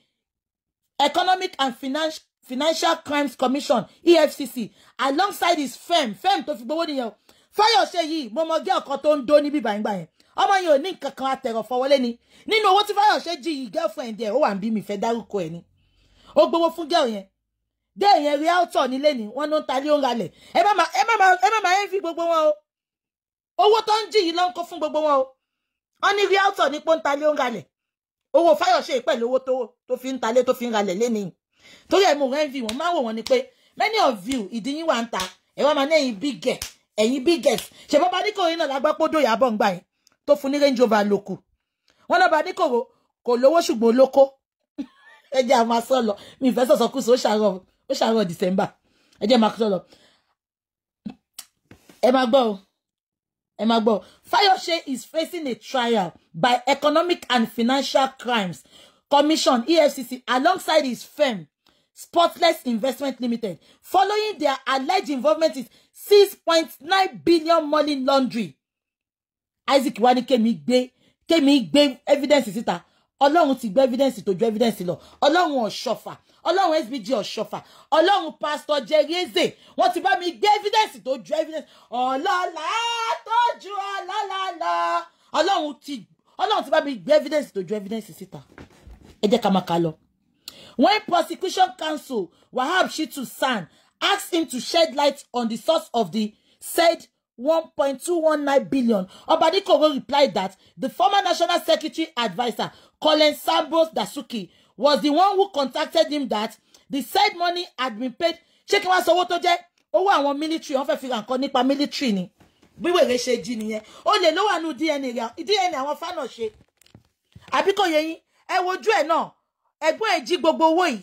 Economic and Finance, Financial Crimes Commission EFCC alongside his firm firm tó fi gbowó nìyẹn o Fáyọ̀ṣe yìí mo mọ gé ọ̀kan tó ń dó níbí gbàǹgbà yẹn ọmọ yẹn ò ní nǹkan kan àtẹ̀rọ̀ fọwọ́lé ni nínú owó tí Fáyọ̀ṣe jí yìí girlfriend ẹ̀ ó wà ń bí mi fẹ́ dárúkọ ẹ̀ ni ó gbowó fún gẹ́ọ̀ yẹn dé yẹn realtor nílé ni wọ́n ló ń talé ó ń ralẹ̀ ẹ má máa ẹ má máa ẹ má ẹ fi gbogbo wọn o owó tó ń jí yìí ló ń kó fún gbogbo wọn o wọ́n ní realtor ní pọ́ńtalé ó ń ralẹ̀ owó Fáyọ̀ṣe pẹ̀lú owó tó fi ń talé tó fi ń ralẹ̀ lénìí torí ẹ̀ mo rẹ́ ń fi wọ́n máa wò wọ́n ni pé many of you ìdí yín wà ń ta ẹ̀ wọ́n máa nẹ́yìn big girl ẹ̀yìn big girls ṣe bọ́ bá ní kòrò yín náà lágbá pódò ìyàbọ̀ ńgbà yẹn tó fún ní range rover lòkù wọ́n lọ́ba ní kòrò kò lówó ṣùgbọ́n olóko ẹ jẹ́ àwọn asọ́ lọ mi ìfẹ́ sọ̀sọ̀ kùsù ó ṣàárọ̀ ó ṣàárọ̀ December ẹ jẹ́ máa sọ lọ ẹ máa gbọ́ o Emagbo máa Fayose is facing a trial by economic and financial crimes commission EFCC alongside his firm Spotless Investment Limited following their alleged involvement in 6.9 billion money laundry. Isaac wani kemi gbé kemi gbé evidence síta ọlọ́run ti gbé evidence tó ju evidence lọ ọlọ́run ọ̀ṣọ́fà ọlọ́run sbg ọ̀ṣọ́fà ọlọ́run pastor jerieze wọ́n ti bá mi gbé evidence tó ju evidence ọlọ́lá tó ju ọlọ́lá lọ ọlọ́run ti ọlọ́run ti bá mi gbé evidence tó ju evidence síta ẹ jẹ́ ká máa kà lọ. when prosecution counsel wahab shitu san asked him to shed light on the source of the said 1.219 billion. Obadikogo replied that the former National Secretary adviser, Colin Sambos Dasuki, was the one who contacted him that the said money had been paid. Ṣé wọ́n sọ owó tó jẹ́? Owó àwọn military, wọ́n fẹ́ fi ra nǹkan nípa military ni. Bí wèrè ṣe jí nìyẹn. Ó lè ló nù DNA DNA àwọn fánà ṣe. Àbí kò ẹ wojú ẹ̀ náà, ẹ̀gbọ́n ẹ̀ jí gbogbo owó yìí.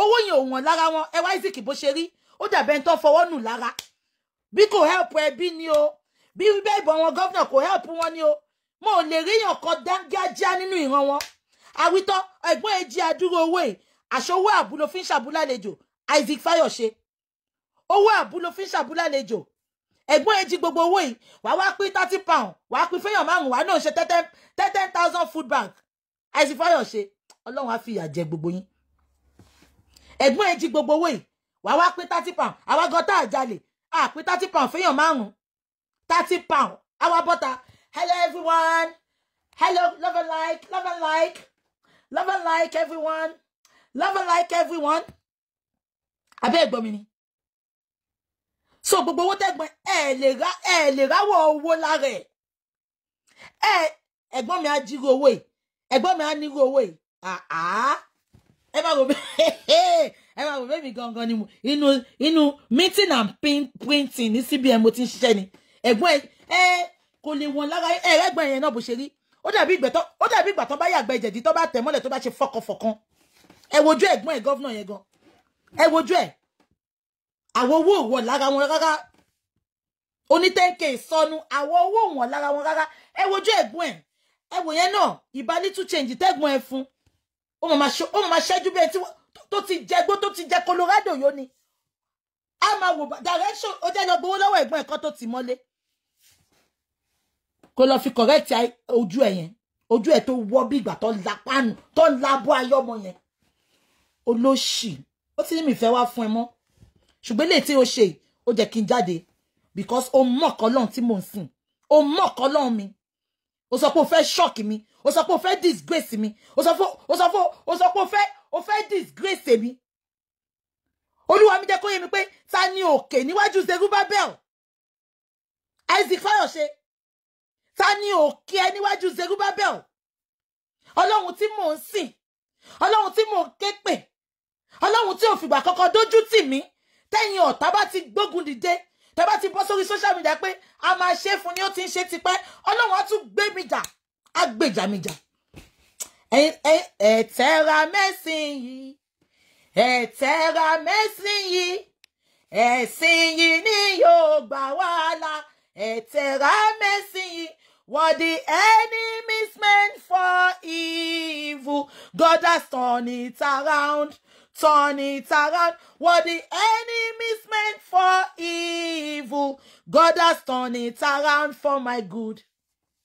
Owó yẹn ò wọ̀n lára wọn, ẹ wá Isaac bó ṣe rí, ó dàbẹ̀ ń tọ́ fọwọ́ nù lára bí kò help ẹbí ni o bí wíbẹ́ ìbọn wọn gọ́vnà kò help wọn ni o mo ò lè ríyàn kan dángájá nínú ìran wọn àwítọ́ ẹ̀gbọ́n èjì àdúró owó yìí àṣọwọ́ àbú ló fi ń ṣàbúlálejò Isaac Fayose owó àbú ló fi ń ṣàbúlálejò ẹ̀gbọ́n èjì gbogbo owó yìí wà wá pín thirty pound wà á pín fẹ́yàn márùn wà náà ṣe ten ten thousand food bank Isaac Fayose ọlọ́run á fi ìyà jẹ gbogbo yín ẹ̀gbọ́n èjì gbogbo owó yìí wà wá pín thirty pound àwa gan tá àjálè àpé ah, thirty pound fẹ́yàn márùn-ún thirty pound Our butter. hello everyone hello love and like love and like love and like everyone love and like everyone abẹ́ ẹ̀gbọ́n mi ni so gbogbo owó tẹ́gbọ́n ẹ̀ lè ra ẹ̀ lè ráwọ̀ owó lára ẹ̀ ẹ̀ ẹ̀gbọ́n mi á jírò owó yìí ẹ̀gbọ́n mi á nírò owó yìí àá ah, ah. ẹ má bẹ́ẹ̀. ẹ wá wò bẹ́ẹ̀mi gangan ni mo inú inú meeting and printing ní CBN mo ti ń ṣiṣẹ́ ni ẹ̀gbọ́n ẹ kò lè wọ̀n lára ẹ ẹ̀gbọ́n yẹn náà bó ṣe rí ó dàbí ìgbẹ́tọ́ ó dàbí ìgbà tó bá yàgbẹ́ ìjẹ̀dí tó bá tẹ̀ mọ́lẹ̀ tó bá ṣe fọkànfọkàn ẹ wojú ẹ̀gbọ́n ẹ̀ gọ́vnà yẹn gan ẹ wojú ẹ̀ àwọn owó wọ̀n lára wọn rárá oní ten k sọnù àwọn owó wọ̀n lára wọn rárá ẹ wojú ẹ̀gbọ́n ẹ̀ ẹ wò yẹn náà ìbá ní two change tẹ́gbọ́n ẹ fún ó mọ̀ máa ṣẹ́jú bẹ́ẹ̀ tí wọ́n tó ti jẹ gbó tó ti jẹ Colorado yóò ni a máa wò direction ó jẹ́ lọ gbowó lọ́wọ́ ẹ̀gbọ́n ẹ̀kọ́ tó ti mọ́lé kó lọ fi correct ojú ẹ̀ yẹn ojú ẹ̀ tó wọ́ bí ìgbà tó la páànù tó la bọ́ ayọ́mọ yẹn olóṣì ó ti ní mi fẹ́ wá fún ẹ mọ́ ṣùgbọ́n eléyìí tí o ṣe ó jẹ́ kí n jáde because o mọ̀ kọ́lọ́n tí mò ń sìn o mọ̀ kọ́lọ́n mi o sọ pé o fẹ́ shock mi o sọ pé o fẹ́ disgrace mi o sọ pé o sọ pé o sọ pé o fẹ́ o fẹ́ disgrace mi olúwa mi jẹ́ kó yé mi pé ta ni òkè níwájú Zerubbabel Isaac Fáyọ̀ṣe ta ni òkè ẹ níwájú Zerubbabel ọlọ́run tí mò ń sìn ọlọ́run tí mò ń ké pè ọlọ́run tí ò fìgbà kankan dójú tì mí tẹ́yìn ọ̀tá bá ti gbógun dìde tẹ́ bá ti bọ́ sórí social media pé a máa ṣe fún ni ó ti ń ṣe tipẹ́ ọlọ́run á tún gbé mi jà á gbèjà mi jà ẹ tẹra mẹ́sìn yìí ẹ tẹra mẹ́sìn yìí ẹ̀sìn yìí ni yóò gbà wàhálà ẹ tẹra mẹ́sìn yìí. What the enemy meant for evil, God has turned it around. Turn it around. What the enemy meant for evil, God has turned it around for my good.